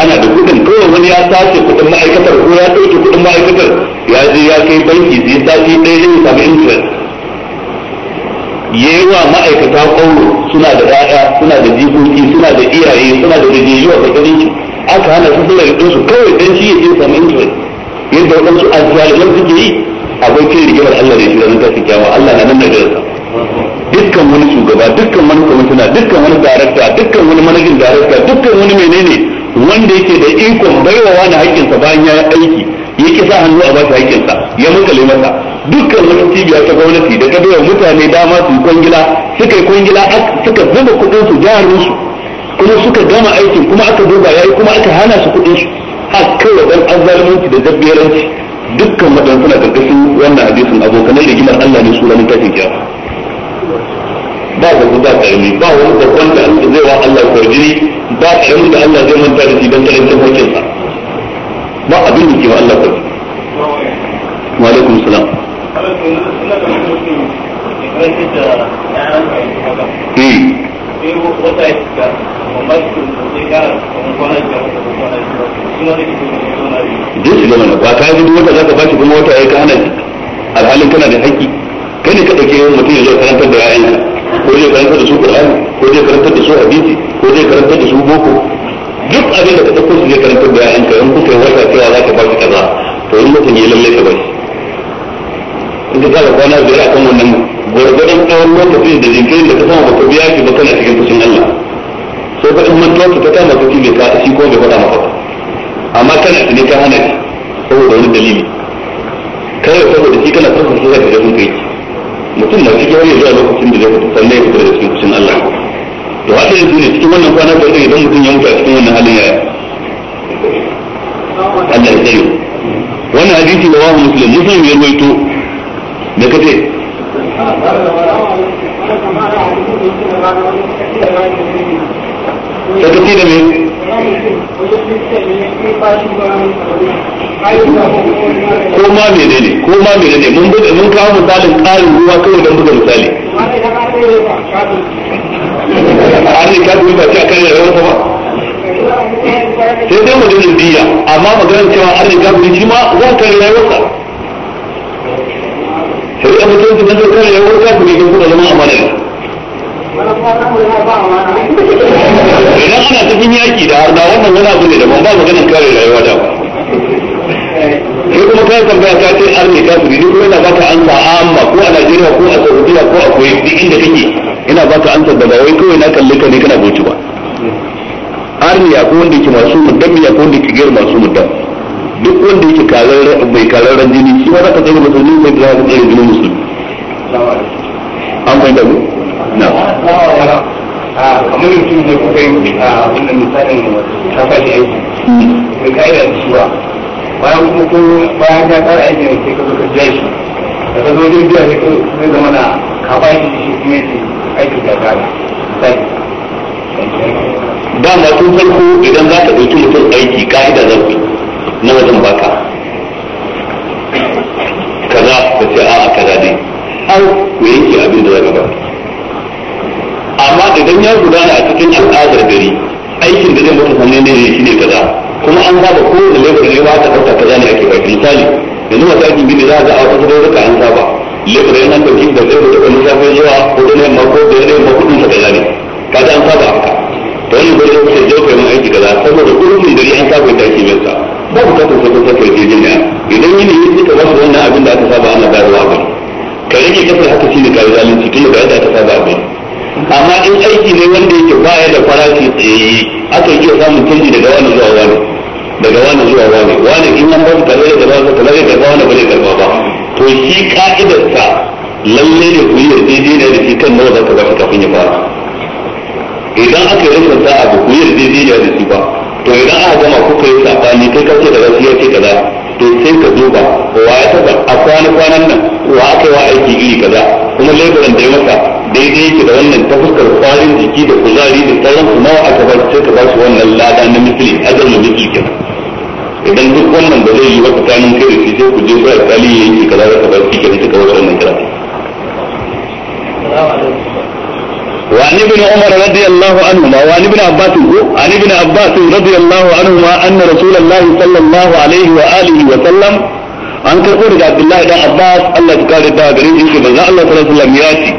ana da kuɗin kawai wani ya sace kuɗin ma'aikatar ko ya ɗauki kuɗin ma'aikatar ya je ya kai banki zai sace ɗaya ya samu interest yayi ma'aikata kauro suna da ƴaƴa suna da jikoki suna da iyaye suna da gajeju yiwa da su aka hana su suna da su kawai dan shi yake samu intanet yadda wadansu azzaliman suke yi akwai kai rigimar Allah da shi da zanta kyawa Allah na nan da garsa dukkan wani shugaba dukkan wani kwamishina dukkan wani darakta dukkan wani manajin darakta dukkan wani menene wanda yake da ikon baiwa wani haƙƙinsa bayan ya aiki ya ƙi sa hannu a ba shi haƙƙinsa ya makale masa dukkan wani cibiya ta gwamnati da ta bayar mutane dama su kwangila suka yi kwangila suka zuba kudin su jarin su kuma suka gama aikin kuma aka duba yayi kuma aka hana su kudin su a wa dan azzalumanci da dabberanci dukkan madan suna karkashin wannan hadisin da gimar Allah ne sura ta take kiyama ba da guda karami ba wani babban da Allah zai wa Allah kwarjini ba karamin da Allah zai manta da shi dan karancin hakkin sa ba abin da ke wa Allah kwarjini wa alaikum salam duk shiga mana ba ka duk wata zaka bashi kuma wata yayi ka alhalin kana da haƙƙi kai ne ka dauke mutum ya zo karantar da ra'ayinka ko zai karantar da su Qur'ani ko zai karantar da su hadisi ko zai karantar da su boko duk abin da ka dauko su zai karantar da ra'ayinka in kuka yi wata cewa zaka bashi kaza to in mutum ya lalle ka bashi in ka kara kwana biyar akan wannan gwargwadon tsawon lokacin da jinkirin da ka sama baka biya shi ba kana cikin fushin Allah sai fa in mantuwa ta kama ka shi ka shi ko bai faɗa maka amma kana ne ka hana shi saboda wani dalili kai saboda shi kana son su zaka jin kai mutum na cikin wani zuwa lokacin da zai fita sannan ya fita da cikin fushin Allah to haka yanzu ne cikin wannan kwana biyar idan mutum ya mutu a cikin wannan halin yaya Allah ya tsaye wannan hadisi da wahu muslim muslim ya ruwaito me kace sakaci da me ko ma menene ko ma menene mun mun kawo misalin ƙarin ruwa kawai don buga misali an ne kafin ba ta kan rawar ba sai dai maganin diya amma maganin cewa an ne kafin shi ma za ka rayuwarsa shari'a mutunci na zai kare yawon kafu kuma don kuma zama amana idan ana cikin yaki da har arna wannan wani abu ne daban ba maganin kare rayuwa da sai kuma kai tambaya ka ce an ne kafu ne kuma ina baka an amma ko a Najeriya ko a Saudiya ko a Kuwait duk inda kake ina baka an da ba wai kawai na kalle ka ne kana boci ba arniya ko wanda ke masu muddam ya ko wanda ke gair masu muddam duk wanda yake kalar mai kalar jini shi ma zaka musulmi da zaka musulmi an fahimta na kamar ne kuka a wannan misalin aiki mai bayan kuma ko bayan ka tsara aiki ne sai ka zo ka shi da ka zo wajen biya sai ka zai zama na shi kuma aiki da gada dama tun farko idan za ka ɗauki mutum aiki ka'ida za ku nawa zan baka kaza ka ce a a kaza dai har ku yanke abin da zaka ba amma idan ya gudana a cikin al'adar gari aikin da zai maka sanne ne shi ne kaza kuma an saba kowane laifin ne ba ta ɗauka kaza ne ake ba misali yanzu masu aikin gini za a ga a wasu sauruka an saba lebura yana ɗauki da zai rubuta wani safe yawa ko da yamma ko da yamma kuɗin sa kaza ne kaza an saba haka to yi gwada kusa jau kai mun aiki kaza saboda gurbin gari an saba yadda ake yin sa ba ku kasance sai kun sake yarjejeniya idan yini yin suka ba su wannan abin da aka saba ana bayarwa ba ka rage kasar haka shine ka yi zalunci tun da aka saba abin amma in aiki ne wanda yake ba ya da farashi tsaye aka iya samun canji daga wani zuwa wani daga wani zuwa wani wani in an ba su karɓar da ba su karɓar da ba wani ba zai karɓa ba to shi ka'idarsa lallai da ku yi yarjejeniya da shi kan nawa za ka ba shi kafin ya fara idan aka yi rukun a ba ku yi yarjejeniya da shi ba to idan aka gama kuka yi sabani kai kace da wasu yake kaza to sai ka duba wa ya taba a kwana kwanan nan wa aka wa aiki iri kaza kuma leburan da ya masa daidai yake da wannan ta fuskar kwarin jiki da kuzari da sauran kuma nawa aka bar sai ka ba shi wannan lada na misli azal na misli kenan idan duk wannan ba zai yi wa tsakanin kai da shi sai ku je ku alƙali yayi kaza da bar kike da kika wannan kira وعن ابن عمر رضي الله عنهما وعن ابن عباس عن ابن عباس رضي الله عنهما ان رسول الله صلى الله عليه واله وسلم عن تقول عبد الله بن عباس الله تعالى تابعين انك من الله صلى الله عليه وسلم ياتي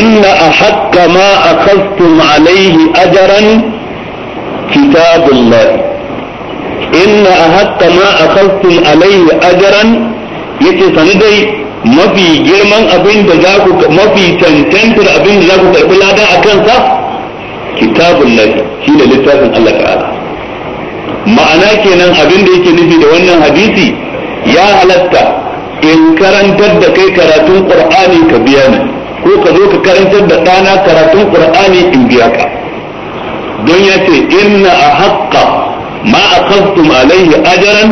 ان احق ما اخذتم عليه اجرا كتاب الله ان احق ما اخذتم عليه اجرا يتي سندي mafi girman abin da za ku mafi tantantar abin da za ku karɓi lada a kansa kitabun lafi shi da littafin Allah ta'ala ma'ana kenan abin da yake nufi da wannan hadisi ya halatta in karantar da kai karatun qur'ani ka biya ni ko ka zo ka karantar da ɗana karatun qur'ani in biya ka don ya ce inna a haƙƙa ma akhadtum alaihi ajran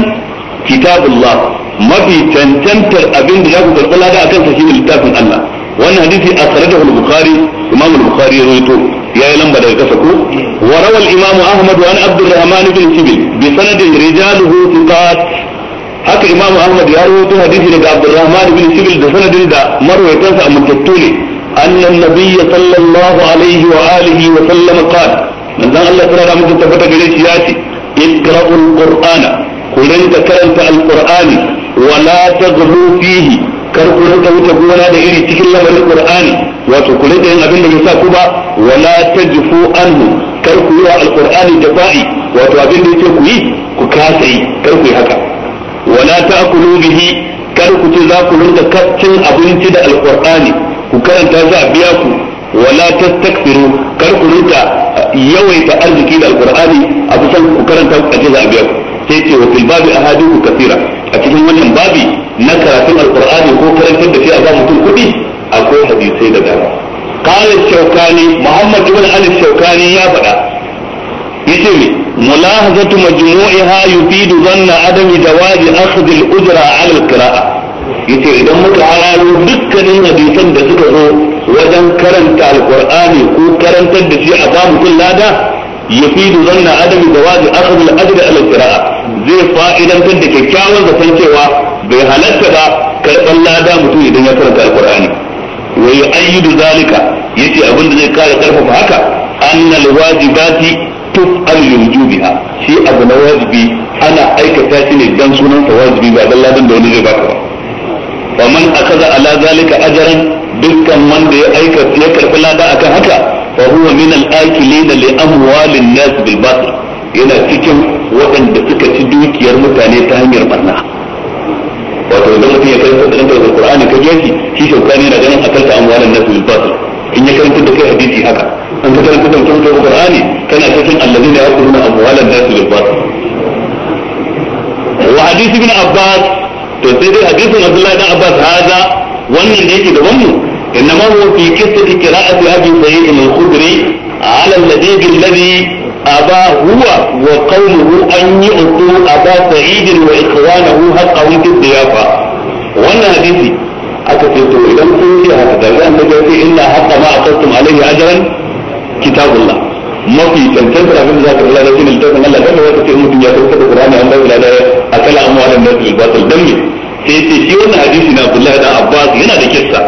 kitabullah mafi cancantar abin da za ku karɓi lada kan sa shine littafin Allah wannan hadisi akhrajahu al-bukhari imam al-bukhari ya ya yi lamba daga kasa ko wa rawal imam ahmad wa an abdurrahman bin sibil bi sanadin rijaluhu thiqat haka imam ahmad ya rawaito hadisi daga abdurrahman bin sibil da sanadin da marwayatan sa amintattu ne أن wa صلى الله عليه وآله وسلم قال من ذا الله تعالى مجد تفتك ليش ياتي اقرأوا القرآن قل karanta al القرآن wala ta taghlu fihi kar ku rika wuce gona da iri cikin lamarin qur'ani wato ku rika yin abin da bai sa ku ba wala ta jufu anhu kar ku yi wa alqur'ani jafa'i wato abin da yake ku yi ku kasa yi kar ku yi haka wala ta ta'kulu bihi kar ku ce za ku rinka kaccin abinci da alqur'ani ku karanta za a biya ku wala ta tastakbiru kar ku rinka yawaita arziki da alqur'ani a kusan ku karanta a ce za a biya ku sai ce wa fil babi ahadithu kathira a cikin wannan babi na karatun alqur'ani ko karantar da shi a ba mutum kuɗi akwai hadisai da dama qala shaukani muhammad ibn ali shaukani ya faɗa yace me mulahazatu majmu'iha yufidu dhanna adami jawazi akhdh al-ujra 'ala al-qira'ah yace idan muka hararo dukkanin hadisan da suka zo wajen karanta alqur'ani ko karantar da shi a ba mutum lada يفيد ظن عدم جواز اخذ الاجر على القراءه zai fa'idantar da kyakkyawan zaton cewa bai halatta ba karɓar lada mutum idan ya karanta alqur'ani wa da zalika yace abin da zai kare karfafa haka annal wajibati tuf'al liwujubiha shi abu na wajibi ana aikata shi ne dan sunan sa wajibi ba dan ladan da wani zai baka ba wa man akaza ala zalika ajran dukkan wanda ya aikata ya karɓi lada akan haka fa huwa min al-akilina li amwalin nas bil batil yana cikin waɗanda suka ci dukiyar mutane ta hanyar barna wato idan mutum ya karanta da ɗanɗar alƙur'ani ka jefi shi ne na ganin akalta amwalan nasu bil batil in ya karanta da kai hadisi haka an ka karanta da mutum da alƙur'ani kana cikin allazina yaquluna amwalan nasu bil batil wa hadisi ibn abbas to sai dai hadisin abdullahi ibn abbas haza wannan da yake gaban mu إنما هو في قصة قراءة أبي سعيد الخدري على النبي الذي أبا هو وقوله أن يعطوا أبا سعيد وإخوانه حقهم في الضيافة wannan hadisi aka ce to idan kun ce haka da zan da gaske inna haqqa ma aqattum alaihi ajran kitabullah mafi tantance abin da zaka kula da shi littafin Allah kada wata ce mutum ya dauka da Qur'ani an dawo da akala amwalan da bil batil dan me sai ce shi wannan hadisi na Abdullah da Abbas yana da kissa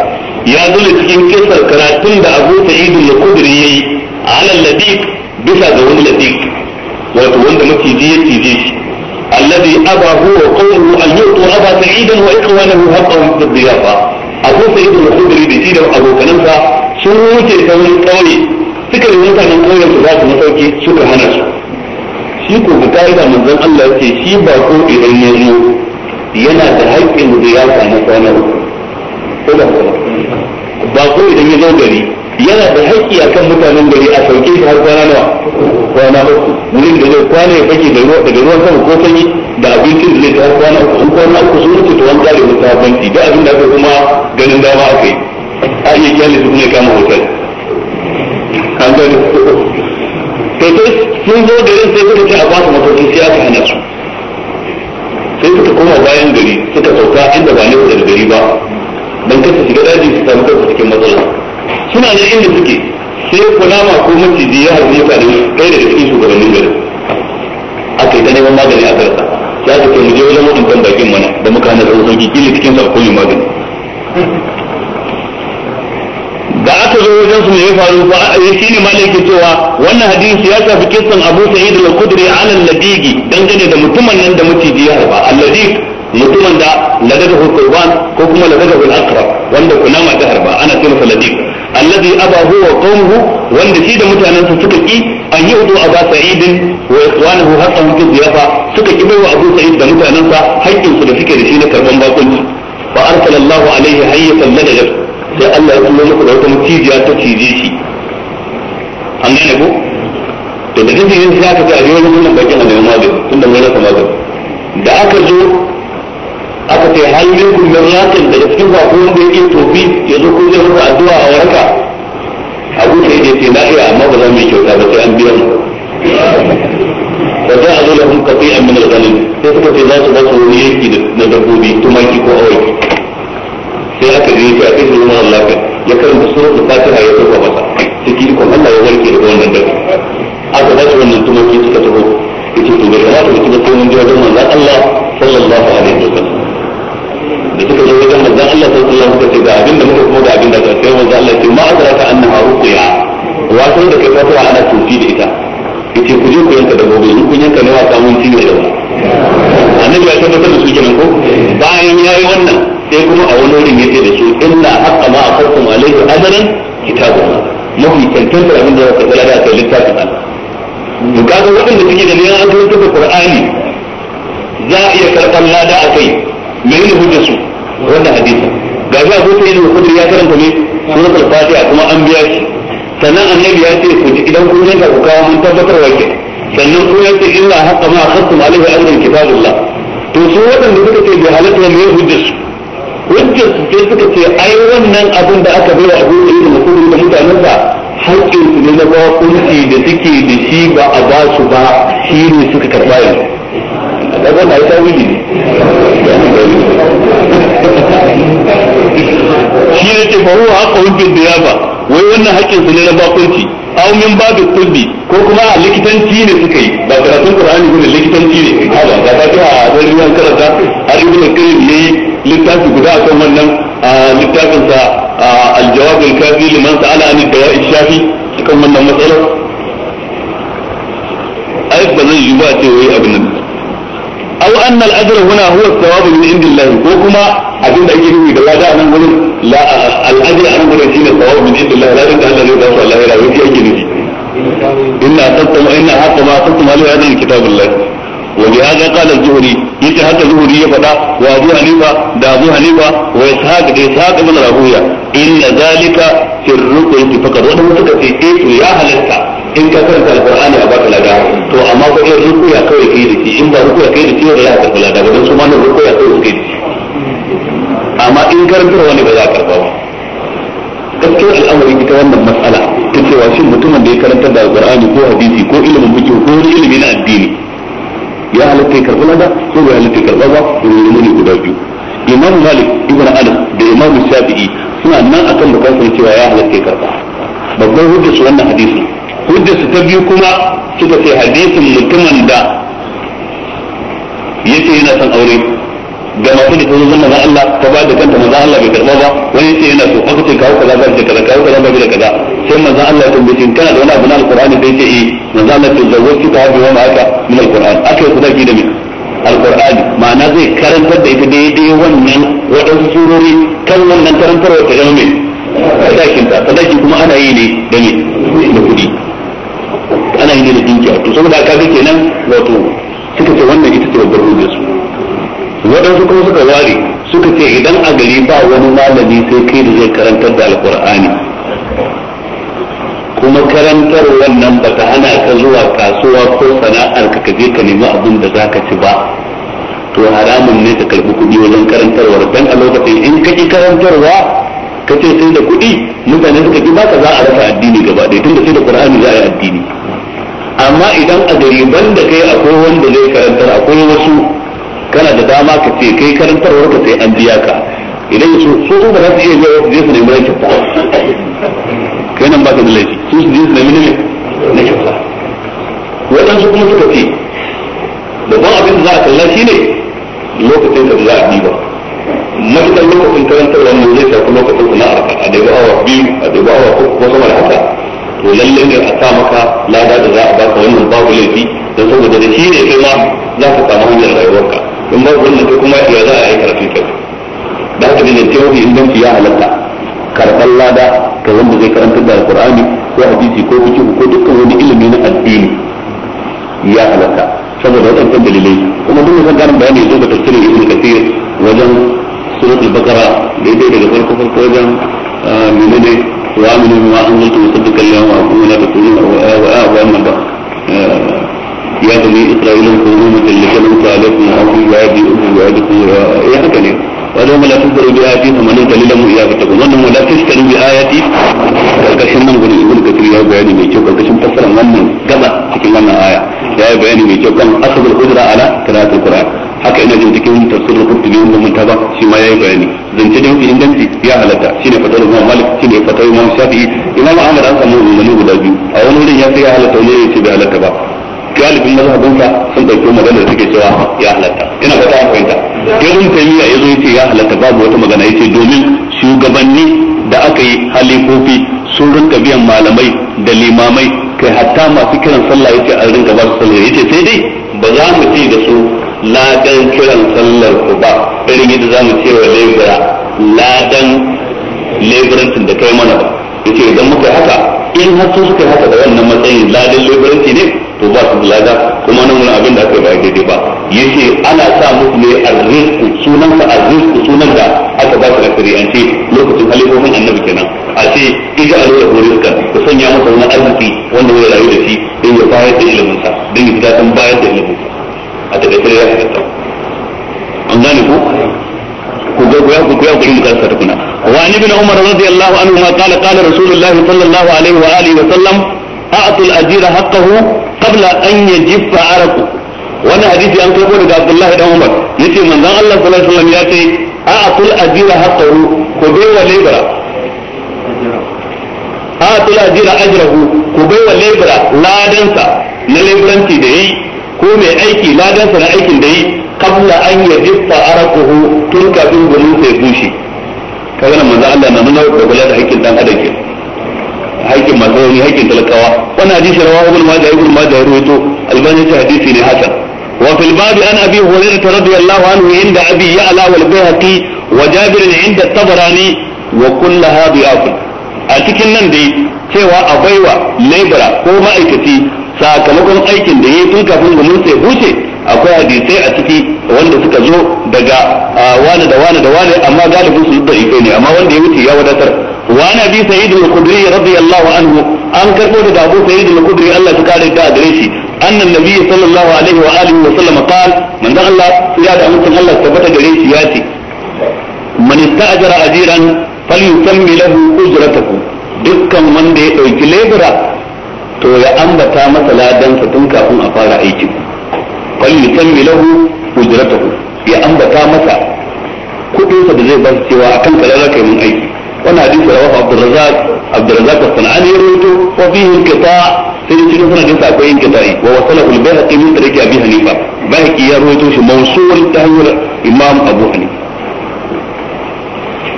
ya zo cikin karatun da Abu Sa'id al yayi ala al bisa ga wani ladik wato wanda maciji ya cije shi alladhi aba huwa qawluhu an yu'tu aba sa'idan wa ikhwanahu haqqan fi dhiyafa abu sa'id al-khudri da shi da abokanansa sun wuce ta wani kauye suka yi mutanen kauyen su za su masauki suka hana su shi ko ga ka'ida manzon Allah yake shi ba ko idan ya zo yana da haƙƙin da ya samu kwana uku ko ba ko idan ya zo gari yana da haƙƙi akan mutanen gari a sauke shi har kwana nawa kwana uku wurin da zai kwana ya fage daga ruwan sama ko sanyi da abincin da zai ta kwana uku in kwana uku sun wuce ta an kare mutu banki da abin da aka kuma ganin dama aka yi a iya kyale su ne kama hotel an gani to sai sun zo garin sai suka ce a ba su matakin ta hana su sai suka koma bayan gari suka sauka inda ba ne da gari ba don kasa shiga daji su samu kansu cikin matsala suna da inda suke sai kunama ko maciji ya harbi mutane ɗaya da cikin shugabannin gari a kai ta neman magani a karsa ya ta mu je wajen waɗancan bakin mana da muka hana da sauki kili cikin sa kulli magani da aka zo wajen su ne ya faru ba a yi shi ne malaki cewa wannan hadisi ya shafi kisan Abu Sa'id al-Khudri ala ladigi dangane da mutumin nan da maciji ya harba al-ladiq mutumin da ladadahu qurban ko kuma ladadahu al-aqrab wanda kunama ta harba ana ce masa ladiq alladhi abahu wa qawmuhu wanda shi da mutanansa suka ki an yi hudu aba sa'idin wa ikhwanahu hatta hum fi ziyafa suka ki baiwa abu sa'id da mutanansa haƙƙin su da suke da shi na karban bakunci fa arsalallahu alaihi hayyatan ladajat sai Allah ya tsallo masa wata mucijiya ta cije shi an gane ko da a da aka zo ku nan yakin da cikin ba ko wanda yake tofi ya zo ko zai masa addu'a a waraka abu sai ya ce na amma ba za mu yi kyauta ba sai an biya mu wajen azo lahum kai min al-ghanim sai suka ce za su ba su wani yanki na dabbobi tumaki ko awaki sai aka je ya ce a kai Allah ya karanta suratul fatiha ya tafa masa ciki ikon Allah ya warke da wannan dabba aka ba su wannan tumaki suka tafi yace to bai kamata mutum ya kai mun ji wajen Allah sallallahu alaihi wasallam suka zo wajen manzon Allah sallallahu alaihi wasallam suka ce abin da muka kuma ga abin da ka sai Allah ce ma annaha wa sai da kai ana tofi da ita yace ku je ku yanka da gobe in kun yanka ne wa samun cinye da ba annabi ya tabbatar da su kenan ko bayan yayi wannan sai kuma a wani wurin yace da su inna haqqa ma aqartum alaihi adalan kitabullah mafi da abin da ya ka da kai littafin Allah to kaga waɗanda suke da neman an tabbatar da Qur'ani za a iya karɓar lada a kai menene hujjar su wannan hadisi ga shi abu sai da kudri ya karanta ne suratul fatiha kuma an biya shi sannan annabi ya ce ku ji idan kun yanka ku kawo mun tabbatar wa ke sannan ku ya ce illa haqqa ma khasum alaihi amrun kitabullah to su wadanda suka ce bai halatta ne mai hujjar su hujjar su sai suka ce ai wannan abin da aka bai wa abu sai da kudri da mutanensa haƙƙin su ne na ba da suke da shi ba a ba su ba shi ne suka karɓa yanzu. Daga na yi tawili ne. shi ne ce fahu haqqun bil diyafa wai wannan haƙƙin su ne na bakunci aw min babu kulli ko kuma a likitanci ne suka yi ba karatun qur'ani ne likitanci ne ha ba ga ta a wani yan karanta a ibn karim yayi littafi guda akan wannan littafin sa al-jawab al-kafi liman sa'ala an dawa'i shafi akan wannan matsalar ai ba zai yi ba ce wai abin nan aw anna al-ajr huna huwa thawabu min indillah ko kuma abin da ake nufi da lada a nan gurin la al-ajr a nan gurin shine thawabu min indillah la da Allah zai dawo Allah ya rawu yake nufi inna tattama inna ma ولهذا قال الزهري يتحق الزهري فدا وابو حنيفه دا ابو حنيفه واسحاق دا اسحاق بن ذلك في الرقيه فقد وده متكفي ايه يا هلكه in ka karanta alqur'ani a baka lada to amma ko in rukuya kawai kai da shi in ba rukuya kai da shi ba za ka karɓi lada ba don su ma na rukuya kawai kai da shi amma in karantarwa wani ba za ka karɓa ba gaskiyar al'amarin ita wannan matsala ta cewa shin mutumin da ya karanta da alqur'ani ko hadisi ko ilimin fiqh ko wani ilimi na addini ya halatta ya karɓi lada ko bai halatta ya karɓa ba ruwa ne guda biyu imam malik ibn anas da imam shafi'i suna nan akan bukatar cewa ya halatta ya karɓa babban hujjar su wannan hadisi hujjar su ta biyu kuma suka ce hadisin mutumin da yace yana son aure ga masu da tazo zama Allah ta ba da kanta manzo Allah bai karba ba wani yace yana so aka ce kawo kaza zai kaza kawo kaza bai da kaza sai manzo Allah ya tambaye kana da wani abu na alqur'ani sai ce eh manzo Allah ya zawwaci ta bi wani aka min alqur'ani aka yi sadaki da mai alqur'ani ma'ana zai karantar da ita daidai wannan wadansu surori kan wannan karantarwa ta gama mai sadakin ta sadaki kuma ana yi ne da ne da kuɗi ana yi ne da dinkiya to saboda aka ga kenan wato suka ce wannan ita ce babbar hujja su waɗansu kuma suka ware suka ce idan a gari ba wani malami sai kai da zai karantar da alkur'ani kuma karantar wannan ba ta hana ka zuwa kasuwa ko sana'ar ka kaje ka nemi abin da zaka ci ba to haramun ne ka karbi kuɗi wajen karantarwar dan a lokacin in ka ki karantarwa ka ce sai da kuɗi mutane suka ki ba ka za a rasa addini gaba ɗaya tunda sai da qur'ani za a yi addini amma idan a gariban da kai akwai wanda zai karantar akwai wasu kana da dama ka ce kai karantarwar ka sai an biya ka idan su su ba za su iya zuwa su je nemi rankin kai nan ba ka da laifi su su je su nemi ne na kyauta waɗansu kuma suka ce babban abin da za a kalla shi ne lokacin ka za a biya matuƙar lokacin karantarwar ne zai shafi lokacin kuma a daidai awa biyu a daidai awa ko sama da haka to lalle ne a sa maka lada da za a baka wannan babu laifi don saboda da shi ne kai ma za ka samu hanyar rayuwarka in ba wannan kai kuma ya za a yi karfi kai da haka ne ce wani inganci ya halatta karɓar lada ga wanda zai karanta da alkur'ani ko hadisi ko fikihu ko dukkan wani ilimi na addini ya halatta saboda waɗancan dalilai kuma duk musan karin bayani ya zo ga tafsirin ibn kathir wajen suratul bakara daidai daga farko farko wajen ah, menene وآمنوا بما أنزلت مصدقا لهم وأقوموا لا تكونوا وأعوام الله يا بني إسرائيل اذكروا مثل لكم عليكم وأوفوا بعهدي أوفوا بعهدكم يا حكمي وإذا لا تشتروا بآياتي فمن قليلا إياك تكون وأنهم لا تشتروا بآياتي karkashin nan gudun ibn kathir ya bayani mai kyau karkashin fassarar wannan gaba cikin wannan aya ya yi bayani mai kyau kan asabul hujra ala qira'atul qur'an haka ina jin cikin tafsirin kurtubi wanda mun ta ba shi ma yayi bayani zance da mafi inganci ya halatta shine fatar Imam Malik shine fatar Imam Shafi'i Imam Ahmad an samu umarni guda biyu a wani wurin ya ce ya halatta ne ya ce bai halatta ba galibin mazhabinsa sun ɗauki magana da suke cewa ya halatta ina fata an fahimta irin taymiya yazo yace ya halatta babu wata magana yace domin shugabanni da aka yi halifofi sun rinka biyan malamai da limamai kai hatta masu kiran sallah yace an rinka ba su sallah yace sai dai ba za mu ci da su ladan kiran sallar ku ba irin yadda za mu cewa lebura ladan leburancin da kai mana ba yace idan muka haka in har su suka haka da wannan matsayin ladan leburanci ne to ba su lada kuma nan wani abin da aka ba daidai ba yace ana sa musu ne arrizku sunan sa arrizku sunan da aka ba su a ce lokacin halifofin annabi kenan a ce iga a lura riska ku sanya masa wani arziki wanda zai rayu da shi don ya bayar da ilimin sa don ya bayar da ilimin sa a daga kare ya halatta an gane ku ku ga ya ku ya ku mu karanta tukuna wa an ibn umar radiyallahu anhu ma qala qala rasulullahi sallallahu alaihi wa alihi wa sallam a'tul ajira haqqahu qabla an yajiffa araku wannan hadisi an karbo daga abdullahi dan umar yace manzon Allah sallallahu alaihi wa sallam ya ce a'tul ajira haqqahu ku bai wa a'tul ajira ajrahu ku bai wa lebara ladansa na leburanci da yayi ko mai aiki ladansa na aikin da yi kabla an ya jifta arakuhu tun kafin gurin sai bushe kaga nan manzo Allah na nuna da kula da haƙƙin dan adam ke haƙƙin masu rauni haƙƙin talakawa wannan hadisi rawahu ibn majah ibn majah ruwaito albani ta hadisi ne hasan wa fil babi an abi hurairah radiyallahu anhu inda abi ya'la wal bayhaqi wa jabir inda tabarani wa kullu hadhi a cikin nan dai cewa a baiwa laibara ko ma'aikaci sakamakon aikin da yi tun kafin gumin sai huce akwai hadisai a ciki wanda suka zo daga wani da wani da wani amma galibin su da ikai ne amma wanda ya wuce ya wadatar wani ana bi sa'id al-khudri radiyallahu anhu an karbo da dabu Sa'id al-Khudri Allah ya kare ta gare shi annan nabi sallallahu alaihi wa alihi wa sallam qal man da Allah ya da mutun Allah tabbata gare shi ya ce man ista'jara ajiran falyusammi lahu ujratahu dukkan wanda ya dauki lebura to ya ambata masa ladansa tun kafin a fara aikin fal yusammi lahu ujratahu ya ambata masa kudinsa da zai ba cewa akan kaza zaka yi mun aiki wannan hadisi rawahu Abdurrazzaq Abdurrazzaq as-Sanani ya rawaito wa fihi inqita' sai da cikin sanadin sa akwai inqita'i wa wasalahu al-Baihaqi min tariqi Abi Hanifa Baihaqi ya rawaito shi mawsul ta hanyar Imam Abu Hanifa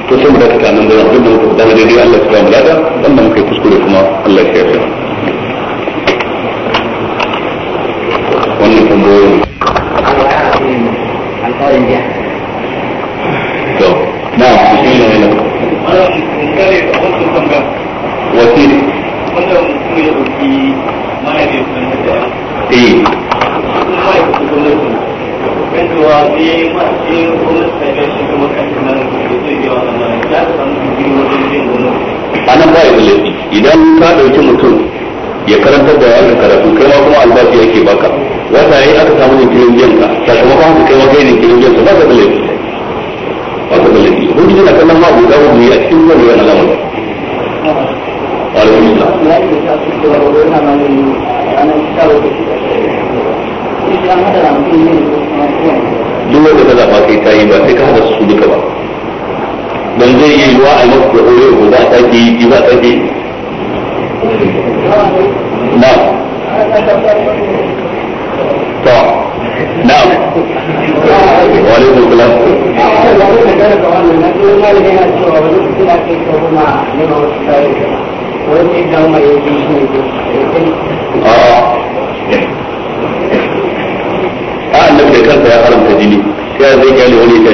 to sai mu dakata nan da abin da muka dama daidai Allah ya kawo mu lada wannan muka yi kuskure kuma Allah ya kiyaye idan ka ɗauki mutum ya karantar da yawon karatu kai ma kuma albashi yake baka wata yi aka samu jinkirin biyan ka sakamakon haka kai ma kai ne biyan ka ba ka da laifi ba ka da laifi hudu yana kallon ma guda hudu ya cikin wani wani al'amari alaikum duk wanda ta zaɓa kai ta yi ba sai ka hada su duka ba ban zai yi a yi masu da ko za a sake yi ba a sake yi na'am to na'am wa alaikum salam a ah. ah, annabi da kansa ya haramta jini sai zai kyale wani ya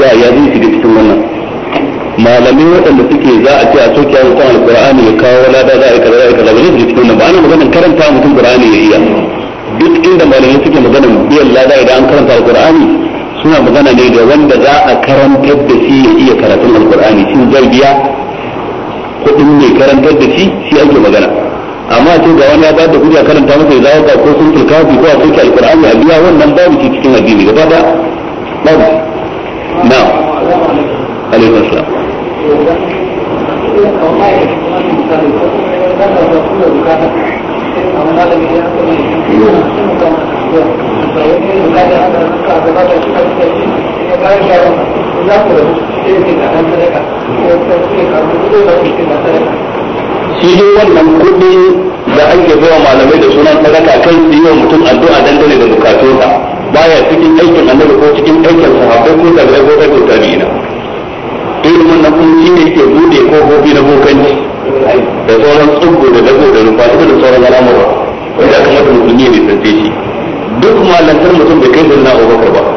ya ya zai shiga cikin wannan malamin waɗanda suke za a ce a soke yawon kwan alƙur'ani ya kawo lada za a yi kaza za a yi kaza ba zai shiga cikin wannan ba ana maganin karanta mutum qur'ani ya iya duk inda malamai suke maganin biyan lada idan an karanta alƙur'ani suna magana ne da wanda za a karantar da shi ya iya karatun alƙur'ani shin zai biya kuɗin mai karantar da shi shi ake magana amma ce ga wani ya ba da a karanta masa ya zawo ko sun bi ko a soke alkur'ani a biya wannan babu shi cikin addini gaba da babu na alaikum assalam Thank shi dai wannan kuɗi da ake baiwa malamai da sunan sadaka kan su yi wa mutum addu'a dangane da bukatunsa baya cikin aikin annabi ko cikin aikin sahabbai ko tabi'ai ko da tabi'ina irin na kun shi ne ke bude kofofi na bokanci da sauran tsubbo da dago da rufa da sauran al'amura wanda kamata musulmi ne tsanci shi duk malantar mutum bai kai sunna Abubakar ba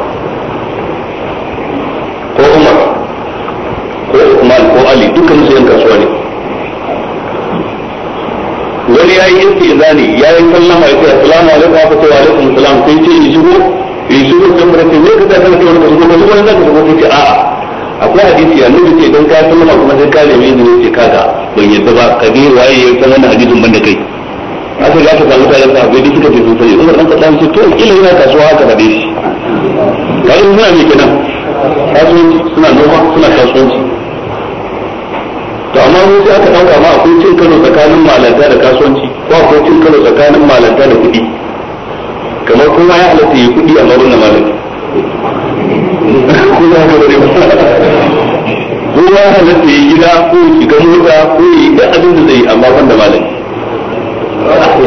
yayi istizani yayi sallama ya assalamu alaikum wa alaikum ce yi shigo yi shigo kan mura ce ka ta kana wani shigo wani wani zaka shigo sai ce a'a akwai hadisi ya ce dan ka sallama kuma sai ka nemi izini ce kaga ban yadda ba ka ga waye ya san wannan hadisin ban da kai aka ga ka samu tare da abai duka ce sosai umar dan kadan ce to kila yana kasuwa haka da kenan kasuwanci suna noma suna kasuwanci to amma mu sai aka dauka ma akwai cin karo tsakanin malanta da kasuwanci ko akwai cin karo tsakanin malanta da kuɗi kamar kuma ya halatta yi kuɗi amma wannan malanta ko ya ga ya halatta yi gida ko ya shiga mota ko yi da abin da zai amma wanda malami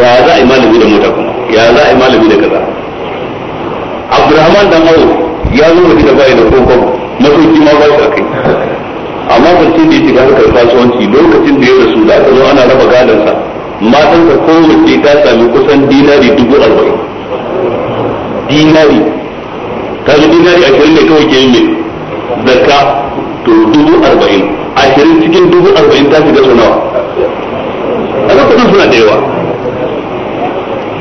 ya za a yi malami da mota kuma ya za a yi malami da kaza Abdulrahman dan Awo ya zo da gida bai da kofar masauki ma ba shi kai amma mutum da ya shiga harkar kasuwanci lokacin da ya rasu da aka zo ana raba gadansa matansa mace ta sami kusan dinari dubu arba'in dinari ta zo dinari ashirin ne kawai ke yin mai zakka to dubu arba'in ashirin cikin dubu arba'in ta shiga su nawa a kudin suna da yawa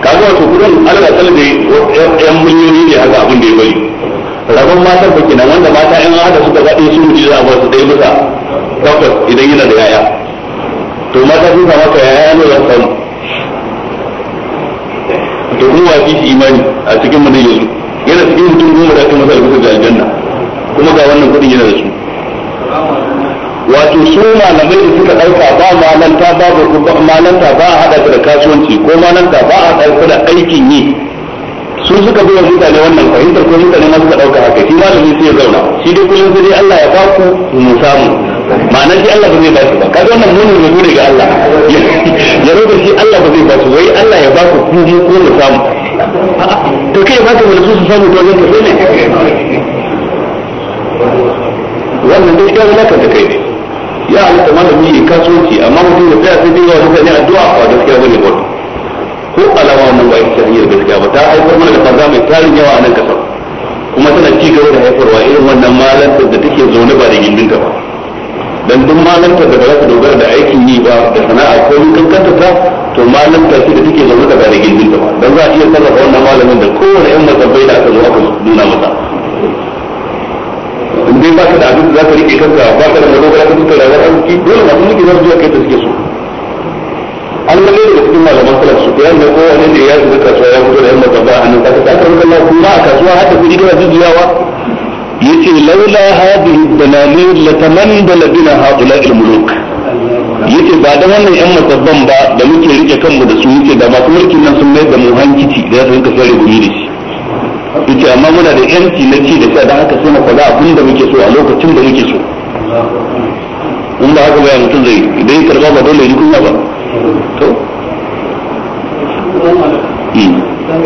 kaga wato kudin ta da yan miliyoyi ne haka abin da ya bari rabon matan ba kenan wanda mata in hada suka zaɓe su ne za a ba su dai bisa tabbas idan yana da yaya to mata sun samu ka yaya ne za samu to ruwa fi imani a cikin mu ne yanzu yana cikin mutum goma da aka masa albisa ga aljanna kuma ga wannan kuɗin yana da su wato su malamai da suka ɗauka ba malanta ba ba malanta ba a haɗa da kasuwanci ko malanta ba a ɗauka da aikin yi su suka zo mutane wannan fahimtar ko mutane ma suka dauka haka shi malami sai ya zauna shi dai kullum sai dai Allah ya ba ku mu samu ma'ana shi Allah ba zai ba su ba kaga wannan munin rubu ne ga Allah ya rubu shi Allah ba zai ba su wai Allah ya ba ku ku mu ko mu samu to kai ba ka wani su su samu to ne wannan dai ga wani kan da kai ne ya Allah malami ya kasuwanci amma mutum ya tsaya sai dai ya rubuta ne addu'a ba gaskiya bane ba ko alama wannan ba ita hanyar gaskiya ba ta haifar mana da farga mai tarin yawa a nan kasar kuma tana ci gaba da haifarwa irin wannan malantar da take zaune ba da gindin gindinta ba dan duk malantar da ba za ta dogara da aikin yi ba da sana'a ko kankanta ta to malamta ce da take zaune da ba da gindin gindinta ba dan za a iya sarrafa wannan malamin da kowane yan mazabbai da aka zo aka nuna masa in dai ba ka da abin da za ka rike kanka ba ka da madogara ka tuka rayuwar arziki dole ba mulki yi su zuwa kai ta suke so an lalle da cikin malaman salaf su ko yanne ko wani da ya shiga kasuwa ya fito da yan magaba a hannun kasa ta kan kallon kuma a kasuwa har da kuɗi da jujjuyawa yace laula hadhihi dalalil latamandala bina haula'i al-muluk ce ba da wannan yan masabban ba da muke rike kanmu da su yace da masu mulkin nan sun mai da mu hankici da su rinka sare gumi da shi yace amma muna da yanci na ci da sha da haka sai mu faɗa abin da muke so a lokacin da muke so in ba haka ba mutum zai idan ya karba ba dole ya yi kunya ba to hmm. a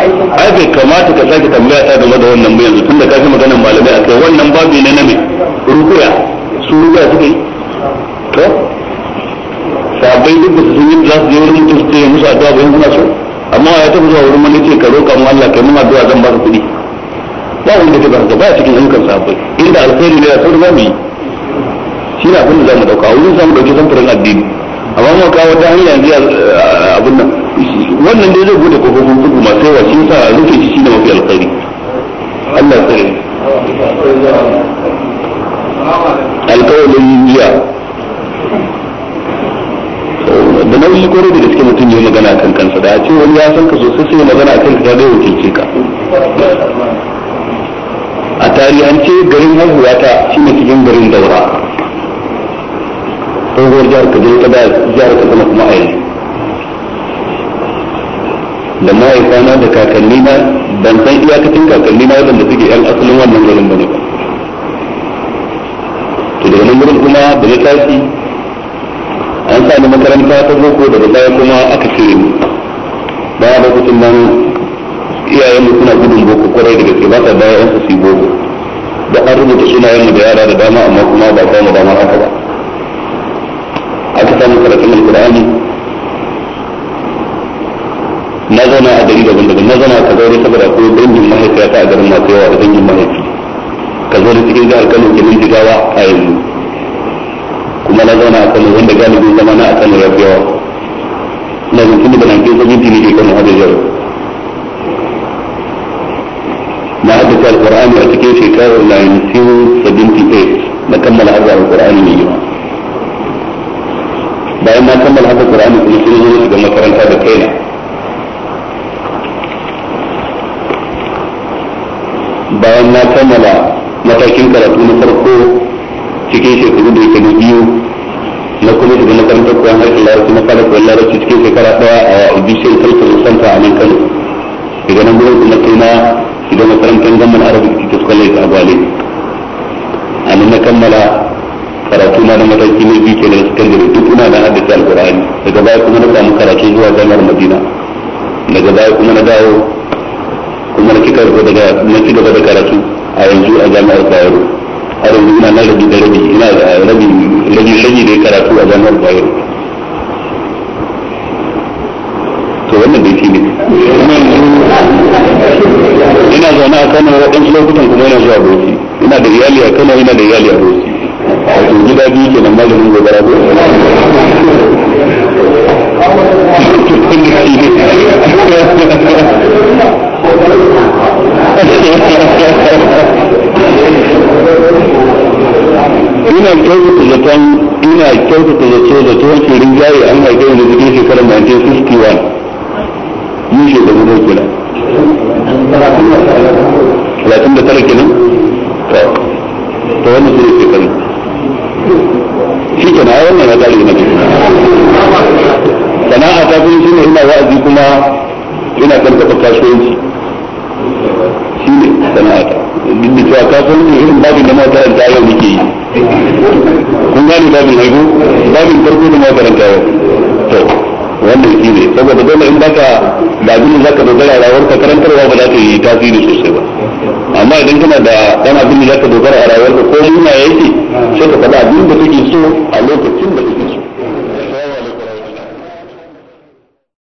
ai bai kamata ka sake tambaya ta game da wannan ba yanzu tunda ka fi maganar malamai a kai wannan na rukuya su rukuya suke sabai duk da sun yi za su je wurin mutum su ce musu addu'a bayan suna so amma ya tafi zuwa wurin malike ka roƙa mu Allah kai mun addu'a zan ba ka kuɗi ba wanda ta barka ba cikin ayyukan sabai inda alkhairi ne ya sauri za mu yi shi ne abin da za mu ɗauka wurin samun mu ɗauki samfurin addini amma mu kawo ta hanyar yanzu eh, abin nan wannan dai zai bude kofofin kudu masu yawa shi sa rufe shi shi ne mafi alkhairi Allah ya tsare alkawalin yiya da nauyi kore da gaske mutum ya magana kan kansa da a ce wani ya san ka sosai sai magana kan ka yau ce ka a tarihance garin haihuwa ta ne cikin garin daura tsohuwar jihar kaduna ta da jihar zama kuma a da ma'aikana da kakanni na ban san iyakacin kakanni na wadanda suke yan asalin wannan garin bane ba to daga nan gurin kuma da ya tashi an sami makaranta ta boko daga baya kuma aka cire ba baya lokacin nan iyayen mu suna gudun boko kwarai da gaske ba ta baya yansu su boko da an rubuta sunayen mu da yara da dama amma kuma ba ta mu dama haka ba aka samu karatun alkur'ani na zauna a dari daban daban na zauna ka zaure saboda ko dangin ta a garin masu yawa da dangin mahaifi ka zaure cikin jihar kano kenan jigawa a yanzu kuma na zauna a kano wanda galibi zama na a kan ya na yawa na da nan ke sabiti ne ke kama hada jaru na haddace alkur'ani a cikin shekarar 1978 na kammala hadda alkur'ani mai yawa bayan na kammala hadda alkur'ani kuma sun zo shiga makaranta da kaina bayan na kammala matakin karatu na farko cikin shekaru da shekaru biyu na kuma shiga makarantar koyon harshen larabci na fara koyon larabci cikin shekara daya a bishiyar kalkar santa a nan kano daga nan gurin kuma kai na shiga makarantar zaman arabic teachers college a gwale a nan na kammala karatu na mataki na biyu kenan sakandare duk ina da haddace alkur'ani daga baya kuma na samu karatu zuwa jami'ar madina daga baya kuma na dawo kuma na ci gaba da karatu a yanzu a jami'ar bayero har yanzu ina na rabi da rabi ina da rabi rabi rabi da karatu a jami'ar bayar to wannan dai shine ina zaune a Kano waɗansu lokutan kuma ina zuwa ina da iyali a Kano ina da iyali a Bauchi wato gida biyu kenan malamin gobara ina kyautata zaton ina kyautata zato zato wancan jari an haife ni cikin shekarar 1961 mun shekaru ne kenan talatin da tara kenan to wannan su ne shekaru shi ke na a wannan ya tsari na sana'a ta kuma shi ne ina wa'azi kuma ina kan taɓa kasuwanci shi ne sana'ata duk da cewa kafin irin babin da mata da yau muke yi kun gane babin haihu babin farko da mata da yau to wannan shi ne saboda dole in baka da abin da zaka dogara rayuwar ka karantarwa ba za ta yi tasiri sosai ba amma idan kana da dan abin da zaka dogara a rayuwar ka ko muna yake sai ka faɗa abin da kake so a lokacin da